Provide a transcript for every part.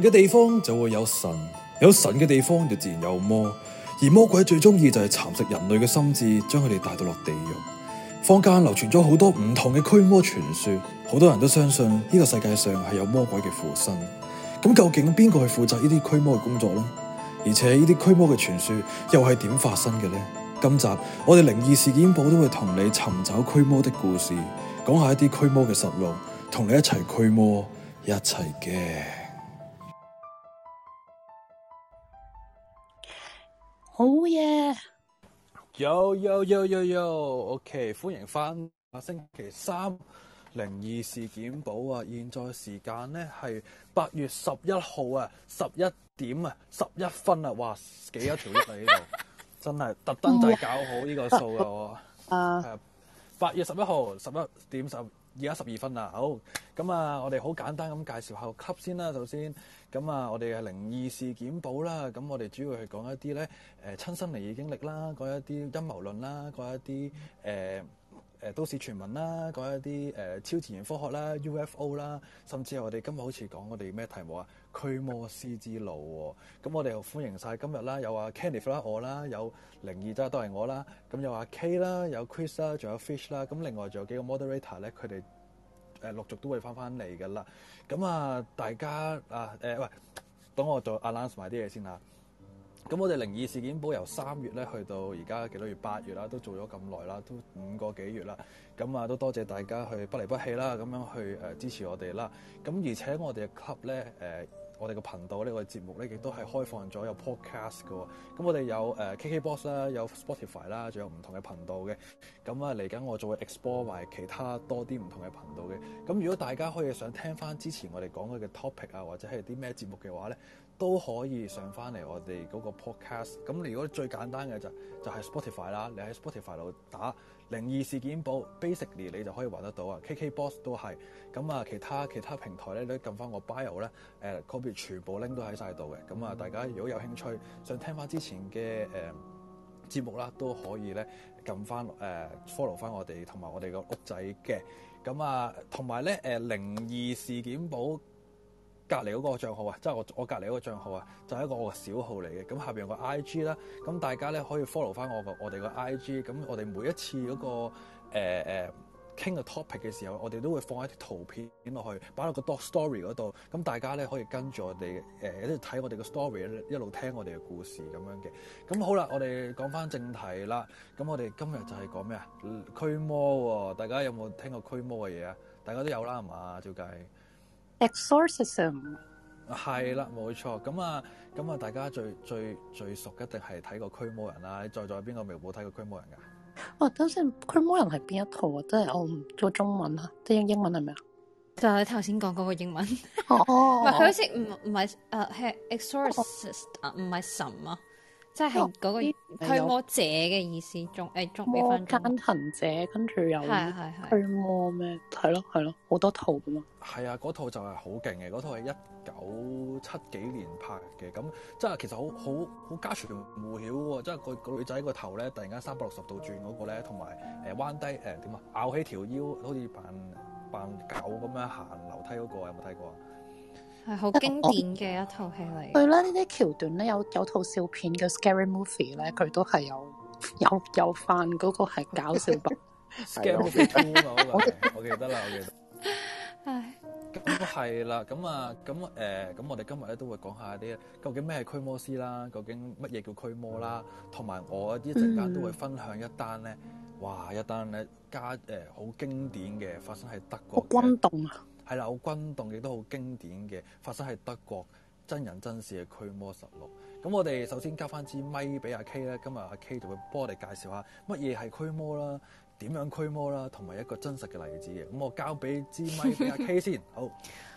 嘅地方就會有神，有神嘅地方就自然有魔，而魔鬼最中意就係蠶食人類嘅心智，將佢哋帶到落地獄。坊間流傳咗好多唔同嘅驅魔傳說，好多人都相信呢個世界上係有魔鬼嘅附身。咁究竟邊個去負責呢啲驅魔嘅工作呢？而且呢啲驅魔嘅傳說又係點發生嘅呢？今集我哋靈異事件簿都會同你尋找驅魔的故事，講下一啲驅魔嘅實錄，同你一齊驅魔，一齊驚。好嘢！有有有有有，OK，歡迎翻下星期三靈異事件簿啊！現在時間咧係八月十一號啊，十一點啊，十一分啊！哇，幾多條喺度啊？ 真係特登就係搞好呢個數啊。 我啊！八、uh, 月十一號十一點十。而家十二分啦，好，咁啊，我哋好簡單咁介紹下 club 先啦，首先，咁啊，我哋係靈異事件簿啦，咁我哋主要係講一啲咧，誒、呃、親身靈異經歷啦，講一啲陰謀論啦，講一啲誒誒都市傳聞啦，講一啲誒、呃、超自然科學啦，UFO 啦，甚至係我哋今日好似講我哋咩題目啊？驅魔師之路喎、哦，咁我哋又歡迎晒今日啦，有阿 Kenneth 啦，我啦，有靈異真都係我啦，咁又阿 Kay 啦，有，Kay，有 Chris 啦，仲有 Fish 啦，咁另外仲有幾個 moderator 咧，佢哋誒陸續都會翻翻嚟噶啦，咁啊大家啊誒、欸、喂，等我做 announce 埋啲嘢先啦。咁我哋靈異事件簿由三月咧去到而家幾多月？八月啦，都做咗咁耐啦，都五個幾月啦。咁啊都多謝大家去不離不棄啦，咁樣去誒支持我哋啦。咁而且我哋嘅 club 咧誒。呃我哋嘅頻道節呢個節目咧，亦都係開放咗有 podcast 嘅。咁我哋有誒 KKbox 啦，有 Spotify 啦，仲有唔同嘅頻道嘅。咁啊，嚟緊我仲會 explore 埋其他多啲唔同嘅頻道嘅。咁如果大家可以想聽翻之前我哋講嘅 topic 啊，或者係啲咩節目嘅話咧，都可以上翻嚟我哋嗰個 podcast。咁如果最簡單嘅就係、就係、係、Spotify 啦，你喺 Spotify 度打。靈異事件簿，basically 你就可以玩得到啊，KKbox 都係，咁啊，其他其他平台咧，你撳翻個 bio 咧，誒個別全部拎到喺晒度嘅，咁啊，大家如果有興趣想聽翻之前嘅誒節目啦，都可以咧撳翻誒 follow 翻我哋同埋我哋個屋仔嘅，咁啊，同埋咧誒靈異事件簿。隔離嗰個賬號啊，即係我我隔離嗰個賬號啊，就係一個我嘅小號嚟嘅。咁下面有個 I G 啦，咁大家咧可以 follow 翻我個我哋個 I G。咁我哋每一次嗰個誒誒傾個 topic 嘅時候，我哋都會放一啲圖片落去，擺落個 doc story 嗰度。咁大家咧可以跟住我哋誒一啲睇我哋嘅 story，一路聽我哋嘅故事咁樣嘅。咁好啦，我哋講翻正題啦。咁我哋今日就係講咩啊？驅魔喎，大家有冇聽過驅魔嘅嘢啊？大家都有啦，係嘛？照計。exorcism，係啦，冇錯，咁 啊，咁啊，大家最最最熟一定係睇過驅魔人啦，你再再邊個微博睇過驅魔人噶？哦，等先，驅魔人係邊一套啊？即係我唔做中文啊，即係英文係咪啊？就係你頭先講嗰個英文 哦，佢 好似唔唔係誒，係 exorcist 啊，唔、uh, 係、哦、神啊。即係嗰個，驅魔者嘅意思，仲誒仲幾分鐘？行者跟住又，有驅魔咩？係咯係咯，好多套咁咯。係啊，嗰 套就係好勁嘅，嗰套係一九七幾年拍嘅，咁即係其實好好好家傳戶，戶曉喎，即係個個女仔個頭咧，突然間三百六十度轉嗰個咧，同埋誒彎低誒點啊，拗起條腰，好似扮扮狗咁樣行樓梯嗰個，有冇睇過啊？係好經典嘅一套戲嚟。對啦，呢啲橋段咧，有有套笑片嘅 scary movie 咧，佢都係有有有翻嗰個係搞笑版。Scary Movie，我記得啦，我記得。唉，咁係啦，咁啊，咁誒，咁我哋今日咧都會講下啲究竟咩係驅魔師啦，究竟乜嘢叫驅魔啦，同埋我一陣間都會分享一單咧，哇一單咧加誒好經典嘅發生喺德國。轟動啊！係啦，軍動亦都好經典嘅，發生喺德國，真人真事嘅驅魔實錄。咁我哋首先交翻支咪俾阿 K 啦，今日阿 K 就會幫我哋介紹下乜嘢係驅魔啦，點樣驅魔啦，同埋一個真實嘅例子嘅。咁我交俾支咪俾阿 K 先。好，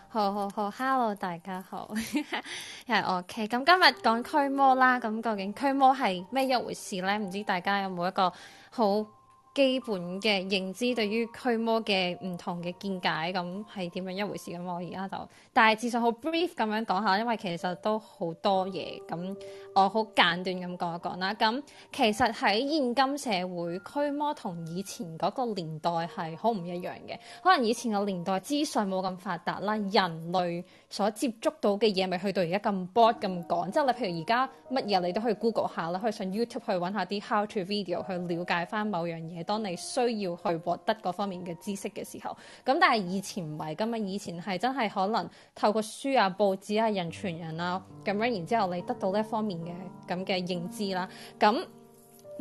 好好好，Hello，大家好， 又係我 K。咁今日講驅魔啦，咁究竟驅魔係咩一回事咧？唔知大家有冇一個好？基本嘅認知，對於驅魔嘅唔同嘅見解，咁係點樣一回事咁，我而家就，但係至少好 brief 咁樣講下，因為其實都好多嘢，咁我好簡短咁講一講啦。咁其實喺現今社會，驅魔同以前嗰個年代係好唔一樣嘅，可能以前嘅年代資訊冇咁發達啦，人類，所接觸到嘅嘢，咪去到而家咁 broad 咁講，即係你譬如而家乜嘢，你都可以 Google 下啦，可以上 YouTube 去揾下啲 how to video 去了解翻某樣嘢。當你需要去獲得嗰方面嘅知識嘅時候，咁但係以前唔係㗎嘛，以前係真係可能透過書啊、報紙啊、人傳人啊咁樣，然之後你得到呢一方面嘅咁嘅認知啦，咁。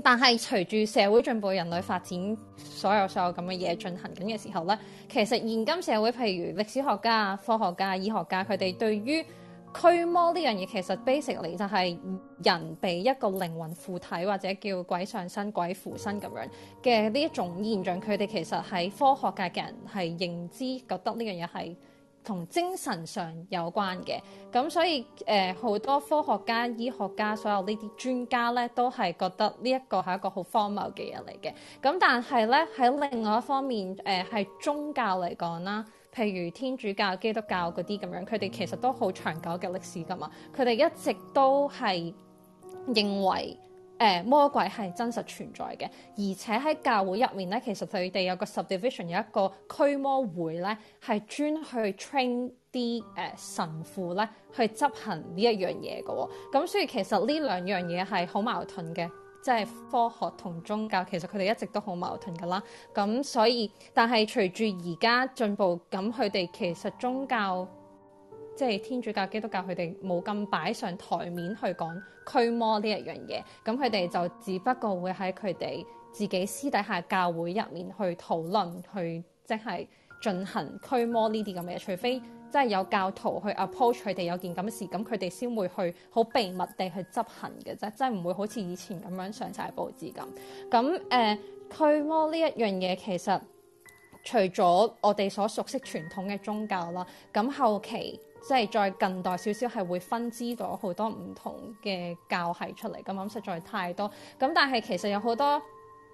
但係隨住社會進步、人類發展，所有所有咁嘅嘢進行緊嘅時候咧，其實現今社會，譬如歷史學家、科學家、醫學家，佢哋對於驅魔呢樣嘢，其實 basically 就係人被一個靈魂附體，或者叫鬼上身、鬼附身咁樣嘅呢一種現象，佢哋其實喺科學界嘅人係認知，覺得呢樣嘢係。同精神上有關嘅，咁所以誒好多科學家、醫學家、所有呢啲專家咧，都係覺得呢一個係一個好荒謬嘅嘢嚟嘅。咁但係咧喺另外一方面，誒係宗教嚟講啦，譬如天主教、基督教嗰啲咁樣，佢哋其實都好長久嘅歷史㗎嘛，佢哋一直都係認為。誒、呃、魔鬼係真實存在嘅，而且喺教會入面咧，其實佢哋有個 subdivision 有一個驅魔會咧，係專去 train 啲誒、呃、神父咧去執行呢一樣嘢嘅、哦。咁所以其實呢兩樣嘢係好矛盾嘅，即係科學同宗教其實佢哋一直都好矛盾㗎啦。咁所以，但係隨住而家進步，咁佢哋其實宗教。即係天主教、基督教，佢哋冇咁擺上台面去講驅魔呢一樣嘢。咁佢哋就只不過會喺佢哋自己私底下教會入面去討論，去即係進行驅魔呢啲咁嘅嘢。除非即係有教徒去 approach 佢哋有件咁嘅事，咁佢哋先會去好秘密地去執行嘅啫。即係唔會好似以前咁樣上晒報紙咁。咁誒驅魔呢一樣嘢、呃，其實除咗我哋所熟悉傳統嘅宗教啦，咁後期。即係再近代少少係會分支咗好多唔同嘅教系出嚟咁啊，實在太多。咁、嗯、但係其實有好多誒、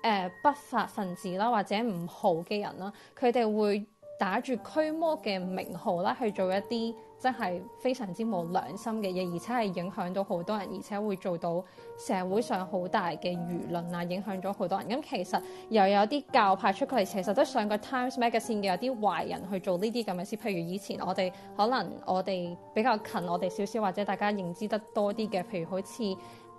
呃、不法分子啦，或者唔好嘅人啦，佢哋會打住驅魔嘅名號啦，去做一啲真係非常之冇良心嘅嘢，而且係影響到好多人，而且會做到社會上好大嘅輿論啊，影響咗好多人。咁、嗯、其實又有啲教派出嚟，其實都上過《Times Magazine》嘅有啲壞人去做呢啲咁嘅事。譬如以前我哋可能我哋比較近我哋少少或者大家認知得多啲嘅，譬如好似，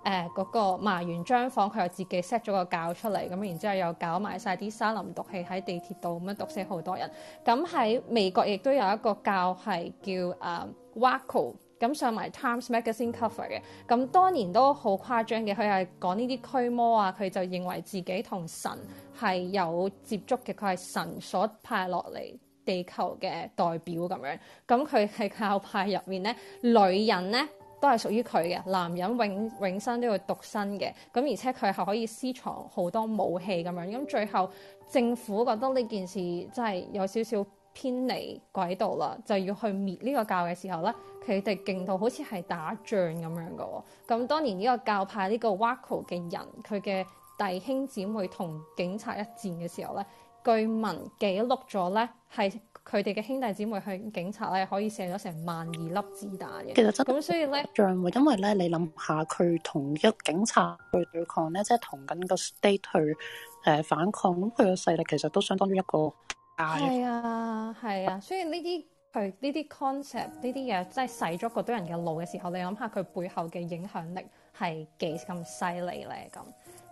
誒嗰、呃那個麻原彰晃，佢又自己 set 咗個教出嚟，咁然之後又搞埋晒啲沙林毒氣喺地鐵度，咁樣毒死好多人。咁喺美國亦都有一個教係叫誒、呃、Waco，咁上埋 Times Magazine cover 嘅。咁當年都好誇張嘅，佢係講呢啲驅魔啊，佢就認為自己同神係有接觸嘅，佢係神所派落嚟地球嘅代表咁樣。咁佢係教派入面咧，女人咧。都係屬於佢嘅，男人永永生都要獨身嘅，咁而且佢係可以私藏好多武器咁樣，咁最後政府覺得呢件事真係有少少偏離軌道啦，就要去滅呢個教嘅時候咧，佢哋勁到好似係打仗咁樣㗎喎。咁當年呢個教派呢、呢個 Waco 嘅人，佢嘅弟兄姊妹同警察一戰嘅時候咧，據聞記錄咗咧係。佢哋嘅兄弟姊妹去警察咧，可以射咗成萬二粒子彈嘅。其實真咁，所以咧，因為咧，你諗下佢同一警察去對抗咧，即係同緊個 state 去誒、呃、反抗，咁佢嘅勢力其實都相當於一個大。係啊，係啊，所以呢啲佢呢啲 concept 呢啲嘢，即係洗咗嗰堆人嘅腦嘅時候，你諗下佢背後嘅影響力係幾咁犀利咧？咁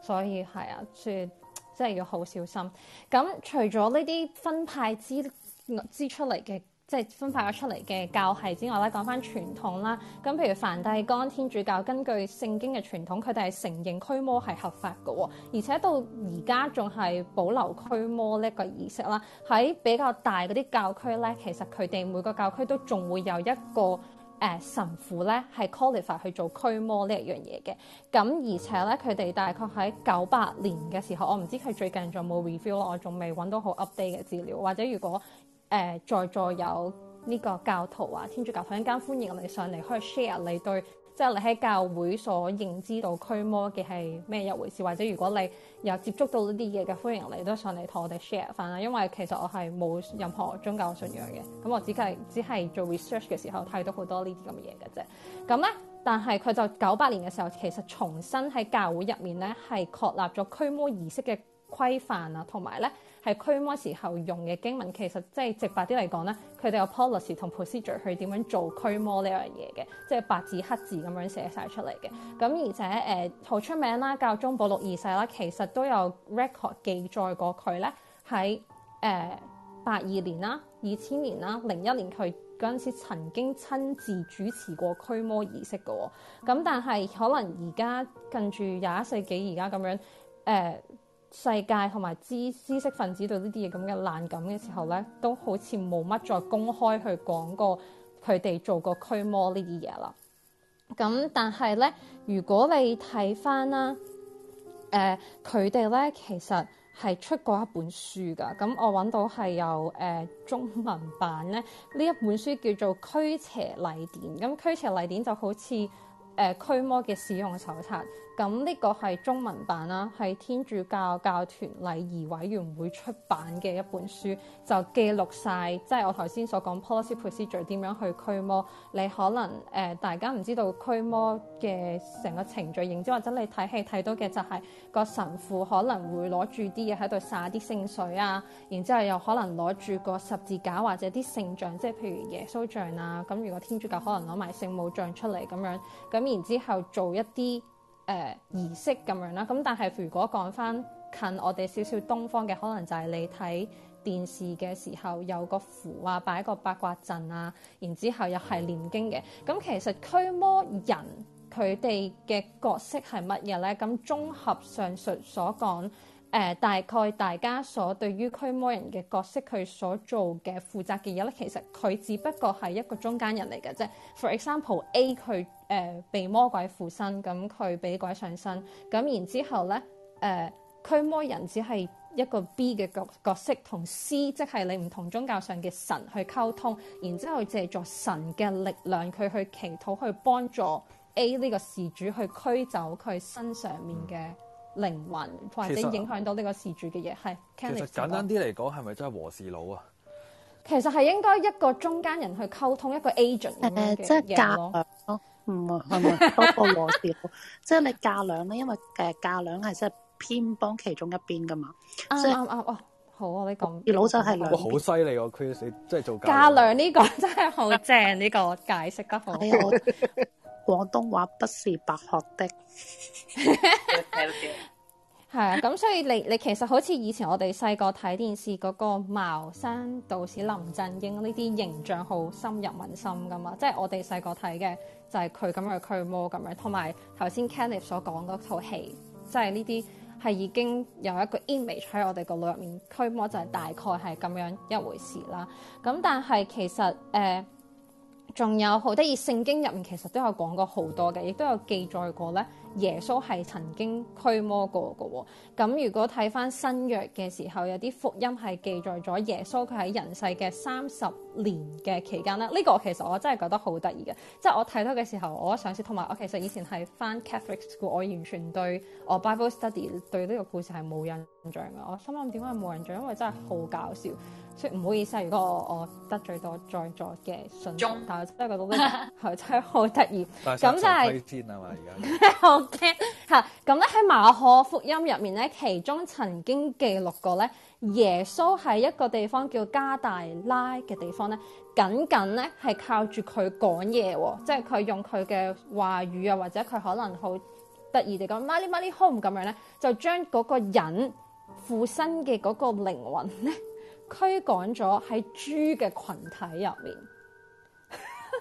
所以係啊，所以即係要好小心。咁除咗呢啲分派之。支出嚟嘅即係分化咗出嚟嘅教系之外咧，講翻傳統啦。咁譬如梵蒂岡天主教根據聖經嘅傳統，佢哋係承認驅魔係合法嘅喎，而且到而家仲係保留驅魔呢一個儀式啦。喺比較大嗰啲教區咧，其實佢哋每個教區都仲會有一個誒神父咧，係 qualify 去做驅魔呢一樣嘢嘅。咁而且咧，佢哋大概喺九八年嘅時候，我唔知佢最近仲冇 review，我仲未揾到好 update 嘅資料，或者如果。誒、呃、在座有呢個教徒啊，天主教徒一間歡迎我哋上嚟，可以 share 你對，即係你喺教會所認知到驅魔嘅係咩一回事？或者如果你有接觸到呢啲嘢嘅，歡迎你都上嚟同我哋 share 返啦。因為其實我係冇任何宗教信仰嘅，咁我只係只係做 research 嘅時候睇到好多呢啲咁嘅嘢嘅啫。咁咧，但係佢就九八年嘅時候，其實重新喺教會入面咧係確立咗驅魔儀式嘅規範啊，同埋咧。係驅魔時候用嘅經文，其實即係直白啲嚟講咧，佢哋有 policy 同 procedure 去點樣做驅魔呢樣嘢嘅，即係白字黑字咁樣寫晒出嚟嘅。咁而且誒好、呃、出名啦，教宗保六二世啦，其實都有 record 記載過佢咧喺誒八二年啦、二千年啦、零一年佢嗰陣時曾經親自主持過驅魔儀式嘅。咁但係可能而家近住廿一世紀而家咁樣誒。呃世界同埋知知識分子對呢啲嘢咁嘅冷感嘅時候咧，都好似冇乜再公開去講過佢哋做過驅魔呢啲嘢啦。咁但係咧，如果你睇翻啦，誒佢哋咧其實係出過一本書噶。咁我揾到係有誒、呃、中文版咧，呢一本書叫做驅、嗯《驅邪禮典》呃。咁《驅邪禮典》就好似誒驅魔嘅使用手冊。咁呢個係中文版啦、啊，係天主教教團禮儀委員會出版嘅一本書，就記錄晒。即係我頭先所講 Policy Procedure 點樣去驅魔。你可能誒、呃、大家唔知道驅魔嘅成個程序，然之或者你睇戲睇到嘅就係、是、個神父可能會攞住啲嘢喺度撒啲聖水啊，然之後又可能攞住個十字架或者啲聖像，即係譬如耶穌像啊。咁如果天主教可能攞埋聖母像出嚟咁樣，咁然之後做一啲。誒、呃、儀式咁樣啦，咁但係如果講翻近我哋少少東方嘅，可能就係你睇電視嘅時候有個符啊，擺個八卦陣啊，然之後又係念經嘅。咁、嗯、其實驅魔人佢哋嘅角色係乜嘢咧？咁綜合上述所講。誒、呃、大概大家所對於驅魔人嘅角色佢所做嘅負責嘅嘢咧，其實佢只不過係一個中間人嚟嘅啫。For example，A 佢誒被魔鬼附身，咁佢俾鬼上身，咁然之後咧誒驅魔人只係一個 B 嘅角角色，同 C 即係你唔同宗教上嘅神去溝通，然之後借助神嘅力量，佢去祈禱去幫助 A 呢個事主去驅走佢身上面嘅靈魂或者影響到呢個事主嘅嘢，係。其實是知知簡單啲嚟講，係咪真係和事佬啊？其實係應該一個中間人去溝通一個 agent 咁嘅嘢咯。唔係唔係，不、啊嗯、和事佬，即係 你嫁良咧，因為誒嫁良係真係偏幫其中一邊噶嘛。所以啱啱哦，好啊，你講。老細係兩。好犀利喎！佢你即係做嫁良呢個真係好正呢、呢個呢個解釋嘅方法。廣東話不是白學的，係啊，咁所以你你其實好似以前我哋細個睇電視嗰個茅山道士林正英呢啲形象好深入民心㗎嘛，即係我哋細個睇嘅就係佢咁樣驅魔咁樣，同埋頭先 Kenneth 所講嗰套戲，即係呢啲係已經有一個 image 喺我哋個腦入面驅魔就係、是、大概係咁樣一回事啦。咁但係其實誒。呃仲有好得意，聖經入面其實都有講過好多嘅，亦都有記載過咧。耶穌係曾經驅魔過嘅。咁如果睇翻新約嘅時候，有啲福音係記載咗耶穌佢喺人世嘅三十。年嘅期間咧，呢、這個其實我真係覺得好得意嘅，即係我睇到嘅時候，我嘗試同埋我其實以前係返 Catholic school，我完全對我 Bible study 對呢個故事係冇印象嘅。我心諗點解冇印象？因為真係好搞笑，嗯、所以唔好意思啊，如果我我得罪到在座嘅信眾，嗯、但係真係覺得係 真係好得意。咁但係好驚嚇。咁咧喺馬可福音入面咧，其中曾經記錄過咧。耶穌喺一個地方叫加大拉嘅地方咧，僅僅咧係靠住佢講嘢喎，即係佢用佢嘅話語啊，或者佢可能好得意地講，my o my o home 咁樣咧，就將嗰個人附身嘅嗰個靈魂咧驅趕咗喺豬嘅群體入面。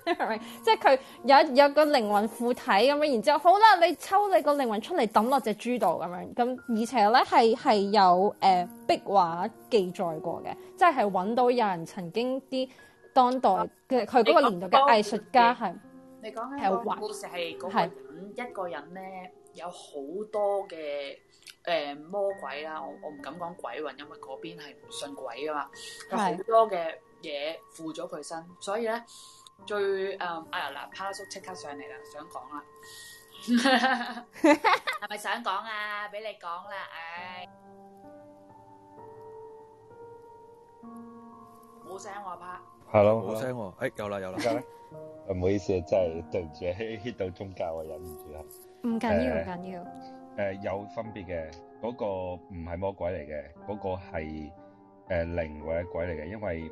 即係佢有有個靈魂附體咁樣，然之後好啦，你抽你個靈魂出嚟抌落隻豬度咁樣咁，而且咧係係有誒壁畫記載過嘅，即係揾到有人曾經啲當代嘅佢嗰個年代嘅藝術家係你講緊、嗰個故事係個人的一個人咧有好多嘅誒魔鬼啦，我我唔敢講鬼魂，因為嗰邊係唔信鬼噶嘛，有好多嘅嘢附咗佢身，所以咧。最誒，阿阿叔，即刻上嚟啦，想講啦，係咪想講啊？俾你講啦，唉，冇聲我拍，hello，冇聲我，誒，夠啦有啦，阿唔好意思啊，真係對唔住，hit 到宗教我忍唔住啦，唔緊要唔緊要，誒，有分別嘅，嗰個唔係魔鬼嚟嘅，嗰個係誒靈或者鬼嚟嘅，因為，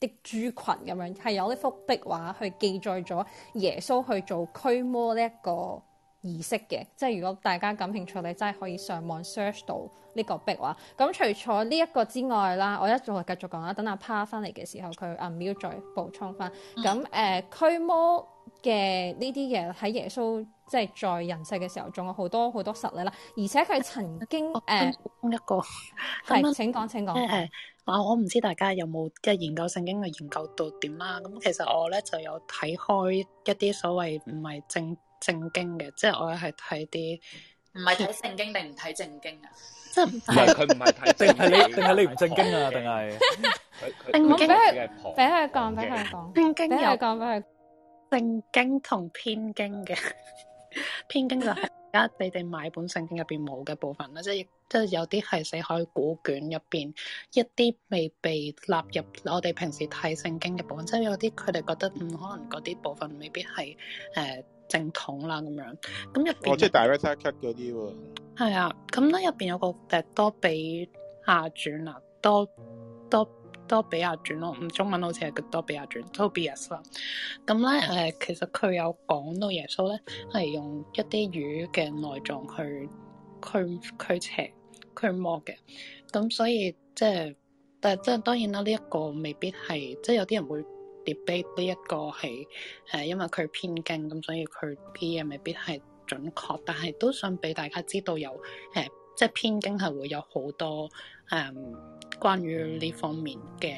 的豬群咁樣係有呢幅壁畫去記載咗耶穌去做驅魔呢一個儀式嘅。即係如果大家感興趣，你真係可以上網 search 到呢個壁畫。咁除咗呢一個之外啦，我一再繼續講啦，等阿趴 a 翻嚟嘅時候，佢阿 m i 再補充翻。咁誒、呃、驅魔嘅呢啲嘢喺耶穌即係在人世嘅時候，仲有好多好多實力啦，而且佢曾經誒一個係請講請講。嗯嗯嗯哦、我我唔知大家有冇即係研究聖經嘅研究到點啦、啊，咁、嗯、其實我咧就有睇開一啲所謂唔係正正經嘅，即係我係睇啲唔係睇聖經定唔睇正經啊？唔係佢唔係睇正經你定係你唔正經啊？定係？正 經俾佢俾佢講俾佢講，正經同偏經嘅偏經就係而家你哋買本聖經入邊冇嘅部分啦，即係。即係有啲係死海古卷入邊一啲未被納入我哋平時睇聖經嘅部分，即係有啲佢哋覺得嗯可能嗰啲部分未必係誒、呃、正統啦咁樣。咁入邊哦，即係 direct cut 嗰啲喎。係啊，咁咧入邊有個多比亞傳啊，多多多比亞傳咯，嗯，中文好似係多比亞傳 （Tobias） 啦。咁咧誒，其實佢有講到耶穌咧係用一啲魚嘅內臟去驅驅邪。佢冇嘅，咁所以即係，但係即係當然啦，呢、這、一個未必係，即係有啲人會 debate 呢一個係誒、呃、因為佢偏經，咁所以佢啲嘢未必係準確，但係都想俾大家知道有，誒、呃、即係偏經係會有好多誒、呃、關於呢方面嘅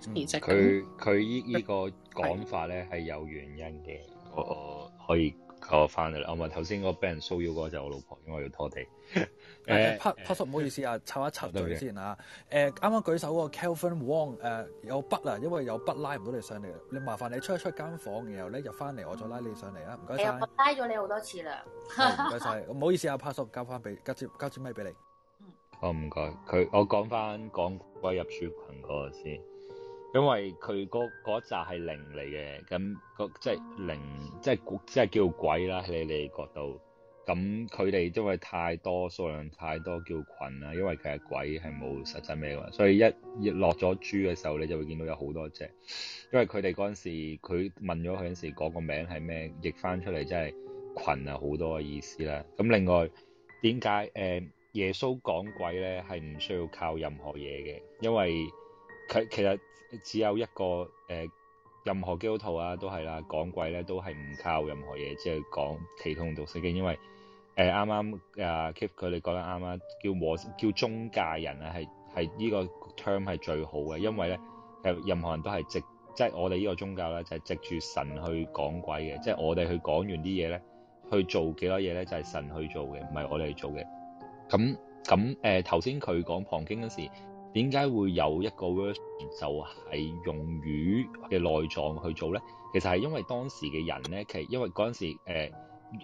知識。佢佢、嗯且嗯、呢依個講法咧係有原因嘅，我我可以。我翻嚟啦，我咪頭先嗰個俾人騷擾嗰就我老婆，因為要拖地。誒 Pat Pat 叔，唔好意思啊，插一插嘴先啊。誒、嗯，啱啱舉手嗰個 Kelvin Wong 誒、呃、有筆啊，因為有筆拉唔到你上嚟，你麻煩你出一出間房，然後咧就翻嚟，我再拉你上嚟啊。唔該、哎、我拉咗你好多次啦。唔該晒，唔好意思啊 Pat 叔，交翻俾交接交接咪俾你。嗯，哦、我唔該，佢我講翻講鬼入主群嗰個先。因為佢嗰嗰集係靈嚟嘅，咁即係靈，即係即係叫鬼啦喺你哋角度。咁佢哋因為太多數量太多叫群啦，因為其實鬼係冇實際咩嘅，所以一一落咗豬嘅時候你就會見到有好多隻。因為佢哋嗰陣時佢問咗佢陣時講個名係咩，譯翻出嚟即係群啊好多嘅意思啦。咁另外點解誒耶穌講鬼咧係唔需要靠任何嘢嘅？因為佢其實只有一個誒、呃，任何基督徒啊都係啦，講鬼咧都係唔靠任何嘢，即係講祈禱同讀聖經。因為誒啱啱啊，Keep 佢哋講得啱啦，叫和叫中介人啊，係係呢個 term 係最好嘅，因為咧誒、呃、任何人都係藉，即係我哋呢個宗教咧，就係藉住神去講鬼嘅，即係我哋去講完啲嘢咧，去做幾多嘢咧，就係、是、神去做嘅，唔係我哋去做嘅。咁咁誒頭先佢講旁經嗰時。點解會有一個 work 就係用魚嘅內臟去做咧？其實係因為當時嘅人咧，其實因為嗰陣時誒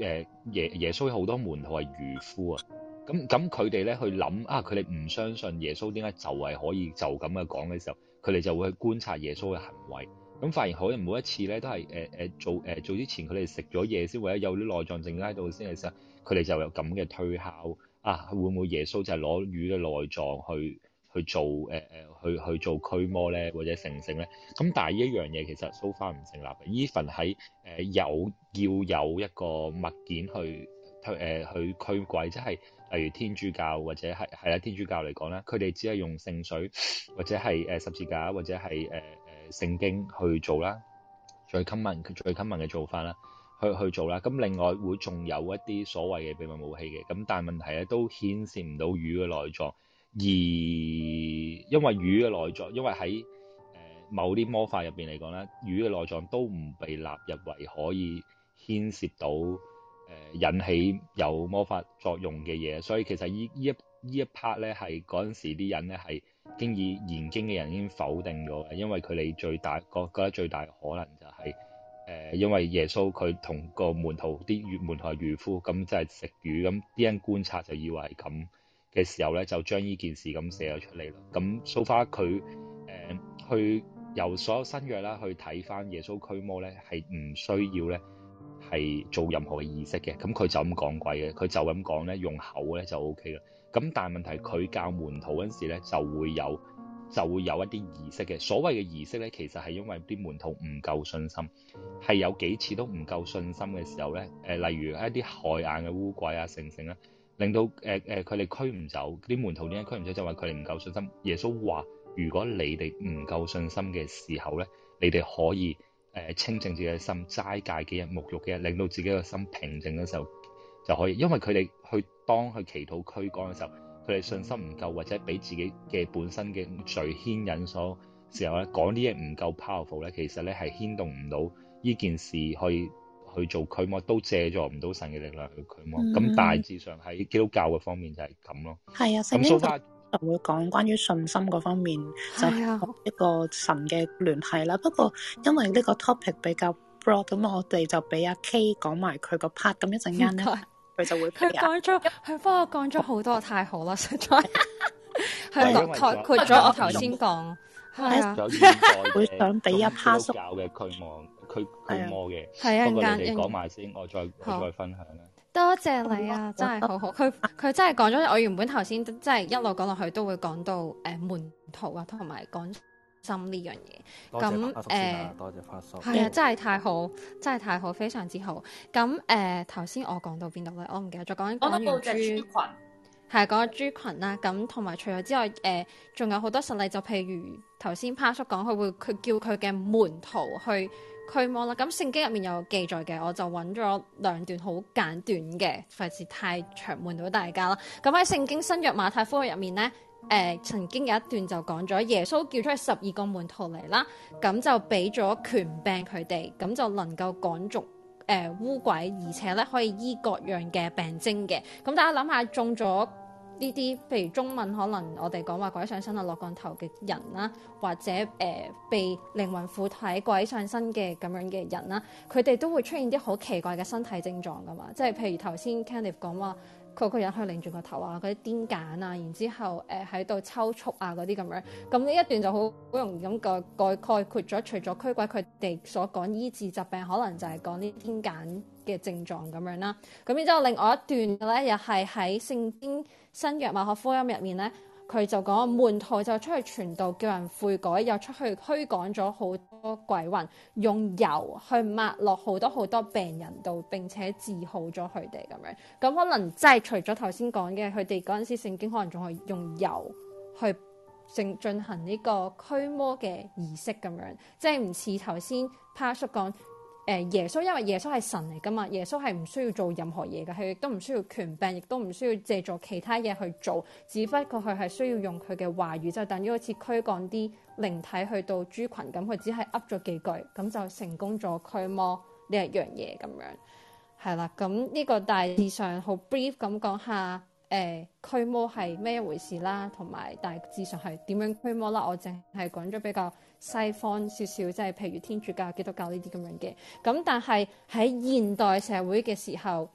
耶耶耶穌有好多門徒係漁夫啊，咁咁佢哋咧去諗啊，佢哋唔相信耶穌點解就係可以就咁樣講嘅時候，佢哋就會去觀察耶穌嘅行為，咁發現好，每一次咧都係誒誒做誒做之前，佢哋食咗嘢先或者有啲內臟剩喺度先，其實佢哋就有咁嘅推敲啊，會唔會耶穌就係攞魚嘅內臟去？去做誒誒、呃、去去做驅魔咧，或者成聖咧，咁但係呢一樣嘢其實 so far 唔成立嘅，Even 喺誒有要有一個物件去推誒去驅鬼，即係例如天主教或者係係啦天主教嚟講啦，佢哋只係用聖水或者係誒、呃、十字架或者係誒誒聖經去做啦，最 common 最 common 嘅做法啦，去去做啦。咁、嗯、另外會仲有一啲所謂嘅秘密武器嘅，咁但係問題咧都牽涉唔到魚嘅內臟。而因為魚嘅內臟，因為喺誒、呃、某啲魔法入邊嚟講咧，魚嘅內臟都唔被納入為可以牽涉到誒、呃、引起有魔法作用嘅嘢，所以其實呢呢一呢一 part 咧，係嗰陣時啲人咧係經已研經嘅人已經否定咗嘅，因為佢哋最大覺覺得最大嘅可能就係、是、誒、呃，因為耶穌佢同個門徒啲魚門徒漁夫咁即係食魚咁，啲人觀察就以為係咁。嘅時候咧，就將呢件事咁寫咗出嚟咯。咁蘇花佢誒去由所有新約啦，去睇返耶穌驅魔咧，係唔需要咧係做任何嘅儀式嘅。咁佢就咁講鬼嘅，佢就咁講咧，用口咧就 O K 啦。咁但係問題佢教門徒嗰陣時咧，就會有就會有一啲儀式嘅。所謂嘅儀式咧，其實係因為啲門徒唔夠信心，係有幾次都唔夠信心嘅時候咧，誒、呃、例如一啲害眼嘅烏龜啊，成成啊。令到誒誒佢哋驅唔走，啲門徒點解驅唔走？就話佢哋唔夠信心。耶穌話：如果你哋唔夠信心嘅時候咧，你哋可以誒、呃、清淨自己嘅心，齋戒幾日，沐浴幾日，令到自己個心平靜嘅時候就可以。因為佢哋去當去祈禱驅趕嘅時候，佢哋信心唔夠，或者俾自己嘅本身嘅罪牽引嘅時候咧，講啲嘢唔夠 powerful 咧，其實咧係牽動唔到呢件事去。去做驅魔，都借助唔到神嘅力量去驅魔。咁、嗯、大致上喺基督教嘅方面就係咁咯。係啊，咁蘇花就會講關於信心嗰方面，啊、就係一個神嘅聯繫啦。不過因為呢個 topic 比較 broad，咁我哋就俾阿 K 講埋佢個 part。咁一陣間咧，佢、嗯、就會佢講咗，佢幫我講咗好多，太好啦！實在係代佢咗我頭先講，係 啊，想俾一 part 教嘅驅魔。佢驅魔嘅，係啊，不過你講埋先，我再再分享啦。多謝你啊，真係好好。佢佢真係講咗，我原本頭先真係一路講落去都會講到誒門徒啊，同埋講心呢樣嘢。咁誒，多謝巴叔，係啊，真係太好，真係太好，非常之好。咁誒，頭先我講到邊度咧？我唔記得，再講，講完豬群係講咗豬群啦。咁同埋除咗之外，誒，仲有好多實例，就譬如頭先巴叔講，佢會佢叫佢嘅門徒去。驅魔啦，咁聖經入面有記載嘅，我就揾咗兩段好簡短嘅，費事太長悶到大家啦。咁喺聖經新約馬太福音入面咧，誒、呃、曾經有一段就講咗耶穌叫出十二個門徒嚟啦，咁就俾咗權柄佢哋，咁就能夠趕逐誒污鬼，而且咧可以醫各樣嘅病徵嘅。咁大家諗下，中咗。呢啲，譬如中文可能我哋講話鬼上身啊、落降頭嘅人啦、啊，或者誒、呃、被靈魂附體鬼上身嘅咁樣嘅人啦、啊，佢哋都會出現啲好奇怪嘅身體症狀噶嘛，即係譬如頭先 Kenneth 講話。佢個人可以擰轉個頭啊，嗰啲癲癇啊，然之後誒喺度抽搐啊嗰啲咁樣，咁呢一段就好好容易咁個概括括咗，除咗驅鬼佢哋所講醫治疾病，可能就係講啲癲癇嘅症狀咁樣啦。咁然之後另外一段咧，又係喺聖經新約馬可福音入面咧。佢就講，門徒就出去傳道，叫人悔改，又出去驅趕咗好多鬼魂，用油去抹落好多好多病人度，並且治好咗佢哋咁樣。咁可能即係除咗頭先講嘅，佢哋嗰陣時聖經可能仲係用油去正進行呢個驅魔嘅儀式咁樣，即係唔似頭先 Pastor 誒耶穌因為耶穌係神嚟噶嘛，耶穌係唔需要做任何嘢嘅，佢亦都唔需要權柄，亦都唔需要借助其他嘢去做，只不過佢係需要用佢嘅話語，就等於好似驅趕啲靈體去到豬群咁，佢只係噏咗幾句，咁就成功咗驅魔呢一樣嘢咁樣，係啦，咁呢個大致上好 brief 咁講下誒驅魔係咩一回事啦，同埋大致上係點樣驅魔啦，我淨係講咗比較西方少少，即係譬如天主教、基督教呢啲咁樣嘅，咁但係喺現代社會嘅時候。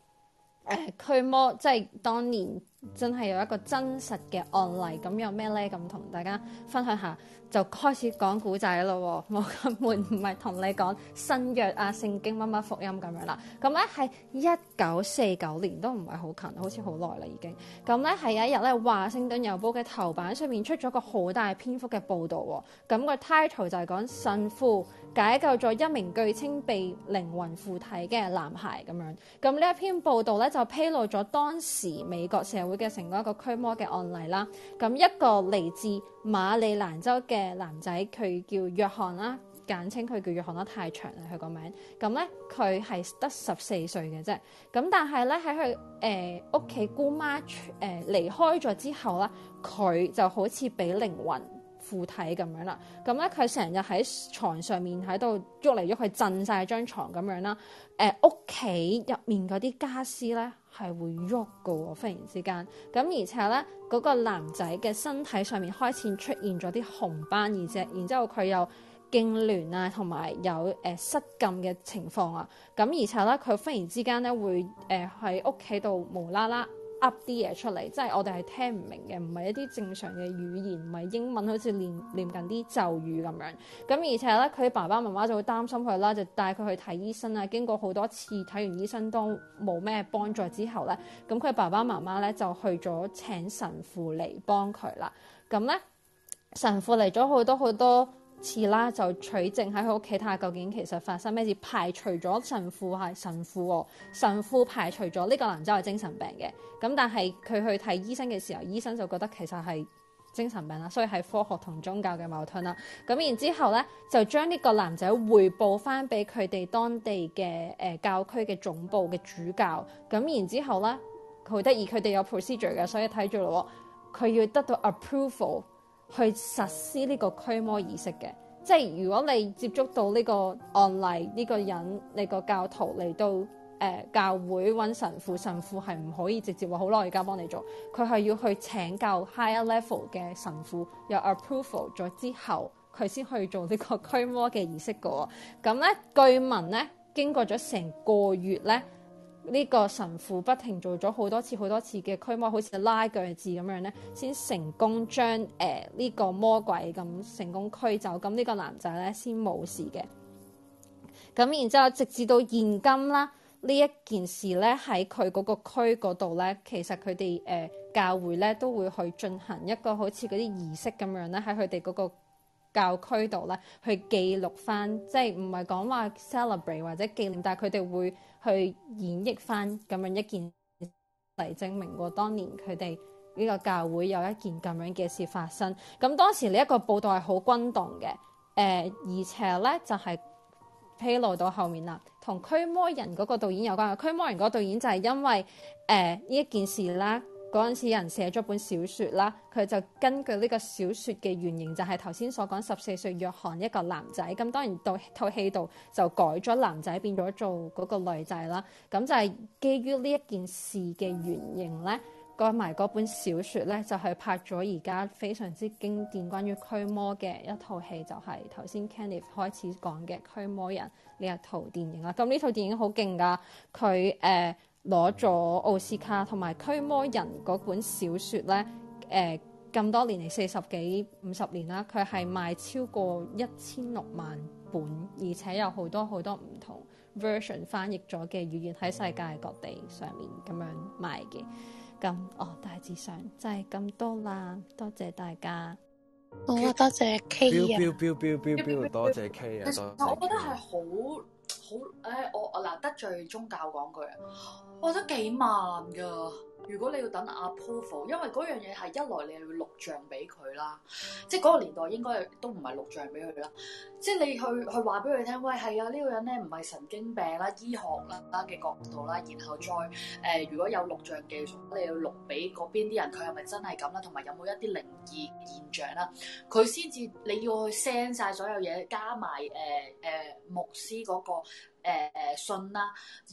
誒驅魔即係當年真係有一個真實嘅案例，咁有咩咧？咁同大家分享下，就開始講古仔咯。我根本唔係同你講新約啊、聖經乜乜福音咁樣啦。咁咧係一九四九年，都唔係好近，好似好耐啦已經。咁咧係有一日咧，華盛頓郵報嘅頭版上面出咗個好大篇幅嘅報導，哦，咁個 title 就係講神父。解救咗一名據稱被靈魂附體嘅男孩咁樣，咁呢一篇報導咧就披露咗當時美國社會嘅成個一個驅魔嘅案例啦。咁一個嚟自馬里蘭州嘅男仔，佢叫約翰啦，簡稱佢叫約翰，都太長啦佢個名。咁咧佢係得十四歲嘅啫。咁但係咧喺佢誒屋企姑媽誒、呃、離開咗之後咧，佢就好似俾靈魂。附體咁樣啦，咁咧佢成日喺床上面喺度喐嚟喐去震晒張床咁樣啦，誒屋企入面嗰啲家私咧係會喐噶喎，忽然之間，咁而且咧嗰個男仔嘅身體上面開始出現咗啲紅斑、呃，而且然之後佢有痙攣啊，同埋有誒失禁嘅情況啊，咁而且咧佢忽然之間咧會誒喺屋企度無啦啦。噏啲嘢出嚟，即係我哋係聽唔明嘅，唔係一啲正常嘅語言，唔係英文好，好似唸唸緊啲咒語咁樣。咁而且咧，佢爸爸媽媽就會擔心佢啦，就帶佢去睇醫生啊。經過好多次睇完醫生都冇咩幫助之後咧，咁佢爸爸媽媽咧就去咗請神父嚟幫佢啦。咁咧，神父嚟咗好多好多次啦，就取證喺佢屋企睇下究竟其實發生咩事，排除咗神父係神父喎，神父排除咗呢個男仔係精神病嘅，咁但係佢去睇醫生嘅時候，醫生就覺得其實係精神病啦，所以係科學同宗教嘅矛盾啦。咁然之後咧，就將呢個男仔匯報翻俾佢哋當地嘅誒、呃、教區嘅總部嘅主教。咁然之後咧，佢得意，佢哋有 procedure 嘅，所以睇住咯，佢要得到 approval。去實施呢個驅魔儀式嘅，即係如果你接觸到呢個案例呢個人，你、這個教徒嚟到誒、呃、教會揾神父，神父係唔可以直接話好，我而家幫你做，佢係要去請教 higher level 嘅神父有 approval 咗之後，佢先去做個驅呢個驅魔嘅儀式㗎喎。咁咧，據聞咧，經過咗成個月咧。呢個神父不停做咗好多次、好多次嘅驅魔，好似拉鋸字咁樣咧，先成功將誒呢個魔鬼咁成功驅走。咁、這、呢個男仔咧先冇事嘅。咁然之後，直至到現今啦，呢一件事咧喺佢嗰個區嗰度咧，其實佢哋誒教會咧都會去進行一個好似嗰啲儀式咁樣咧，喺佢哋嗰個。教區度咧，去記錄翻，即係唔係講話 celebrate 或者紀念，但係佢哋會去演繹翻咁樣一件事嚟證明過當年佢哋呢個教會有一件咁樣嘅事發生。咁當時呢一個報道係好轟動嘅，誒、呃，而且咧就係、是、披露到後面啦，同驅魔人嗰個導演有關。驅魔人嗰個導演就係因為誒呢、呃、一件事啦。嗰陣時有人寫咗本小說啦，佢就根據呢個小說嘅原型，就係頭先所講十四歲約翰一個男仔。咁當然到套戲度就改咗男仔變咗做嗰個女仔啦。咁就係基於呢一件事嘅原型呢，改埋嗰本小說呢，就係拍咗而家非常之經典關於驅魔嘅一套戲，就係頭先 k e n n i f f 開始講嘅《驅魔人》呢一套電影啦。咁呢套電影好勁噶，佢誒。呃攞咗奧斯卡同埋《驅魔人》嗰本小説咧，誒、呃、咁多年嚟四十幾五十年啦，佢係賣超過一千六萬本，而且有好多好多唔同 version 翻譯咗嘅語言喺世界各地上面咁樣賣嘅。咁哦，大致上就係咁多啦，多謝大家。好啊、哦，多謝 K 啊！我覺得係好。好，誒、哎、我啊嗱得罪宗教講句啊，哦、我覺得幾萬噶。如果你要等 approval 因為嗰樣嘢係一來你係要錄像俾佢啦，即係嗰個年代應該都唔係錄像俾佢啦，即係你去去話俾佢聽，喂係啊呢個人咧唔係神經病啦，醫學啦嘅角度啦，然後再誒、呃、如果有錄像技術，你要錄俾嗰邊啲人，佢係咪真係咁啦，同埋有冇一啲靈異現象啦，佢先至你要去 send 曬所有嘢，加埋誒誒牧師嗰個。誒、呃、信啦，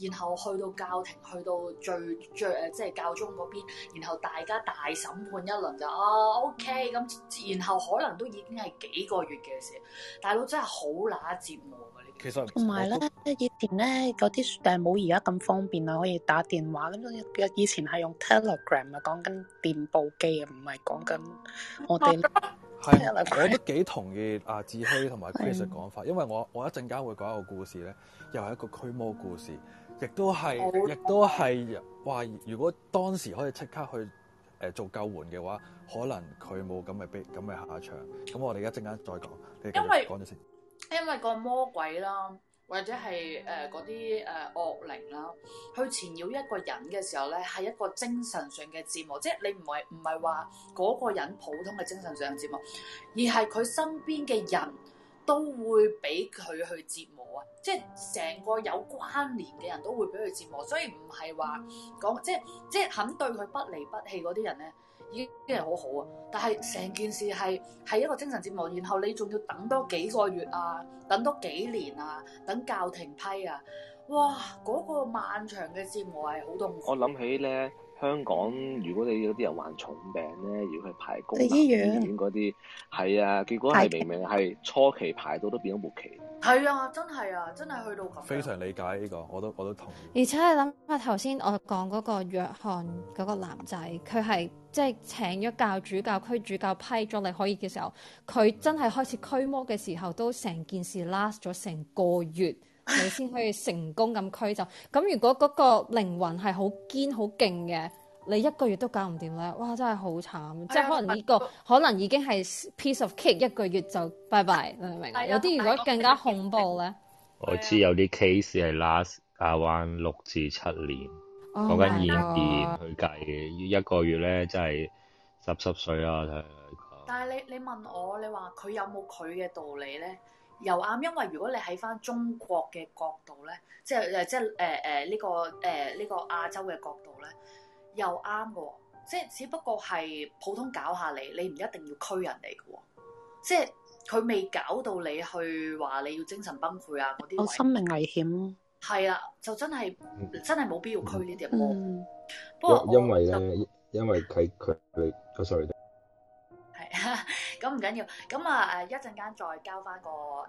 然後去到教廷，去到最最誒即係教宗嗰邊，然後大家大審判一輪就哦 OK 咁，然後可能都已經係幾個月嘅事，大佬真係好乸折磨啊，呢啲其實，同埋咧以前電咧嗰啲，但冇而家咁方便啊，可以打電話咁樣，以前係用 Telegram 啊講緊電報機啊，唔係講緊我哋。 係，我都幾同意阿、啊、志希同埋 Chris 嘅講法，的因為我我一陣間會講一個故事咧，又係一個驅魔故事，亦都係，亦、嗯、都係，話，如果當時可以即刻去誒、呃、做救援嘅話，可能佢冇咁嘅悲咁嘅下場。咁我哋一家陣間再講為講，因為講咗先，因為個魔鬼啦。或者係誒嗰啲誒惡靈啦，去纏繞一個人嘅時候咧，係一個精神上嘅折磨，即係你唔係唔係話嗰個人普通嘅精神上嘅折磨，而係佢身邊嘅人都會俾佢去折磨啊！即係成個有關聯嘅人都會俾佢折磨，所以唔係話講即係即係肯對佢不離不棄嗰啲人咧。依啲係好好啊！但係成件事係係一個精神折磨，然後你仲要等多幾個月啊，等多幾年啊，等教廷批啊，哇！嗰個漫長嘅折磨係好痛苦。我諗起咧，香港如果你有啲人患重病咧，要去排公立醫院嗰啲，係啊，結果係明明係初期排到都變咗末期。係啊，真係啊，真係去到咁。非常理解呢個，我都我都同意。而且你諗下頭先我講嗰個約翰嗰個男仔，佢係。即係請咗教主教，教區主教批咗你可以嘅時候，佢真係開始驅魔嘅時候，都成件事 last 咗成個月，你先可以成功咁驅走。咁如果嗰個靈魂係好堅好勁嘅，你一個月都搞唔掂咧，哇！真係好慘。即係可能呢個可能已經係 piece of cake，一個月就拜拜。明唔明？有啲如果更加恐怖咧，我知有啲 case 係 last 啊彎六至七年。tight energy 講緊、oh, 現電去計，要、oh, 一個月咧，真係濕濕碎啊。但係你你問我，你話佢有冇佢嘅道理咧？又啱，因為如果你喺翻中國嘅角度咧，即係誒，即係誒誒呢個誒呢、呃這個呃這個亞洲嘅角度咧，又啱嘅、哦。即係只不過係普通搞下你，你唔一定要屈人哋嘅。哦。即係佢未搞到你去話你要精神崩潰啊，啲。我生命危險。係啊，就真係、嗯、真係冇必要驅呢啲波。不過、嗯、我因為咧，就因為佢佢佢，sorry，係、 嗯嗯呃、啊，咁唔緊要。咁、嗯、啊，誒，一陣間再交翻個誒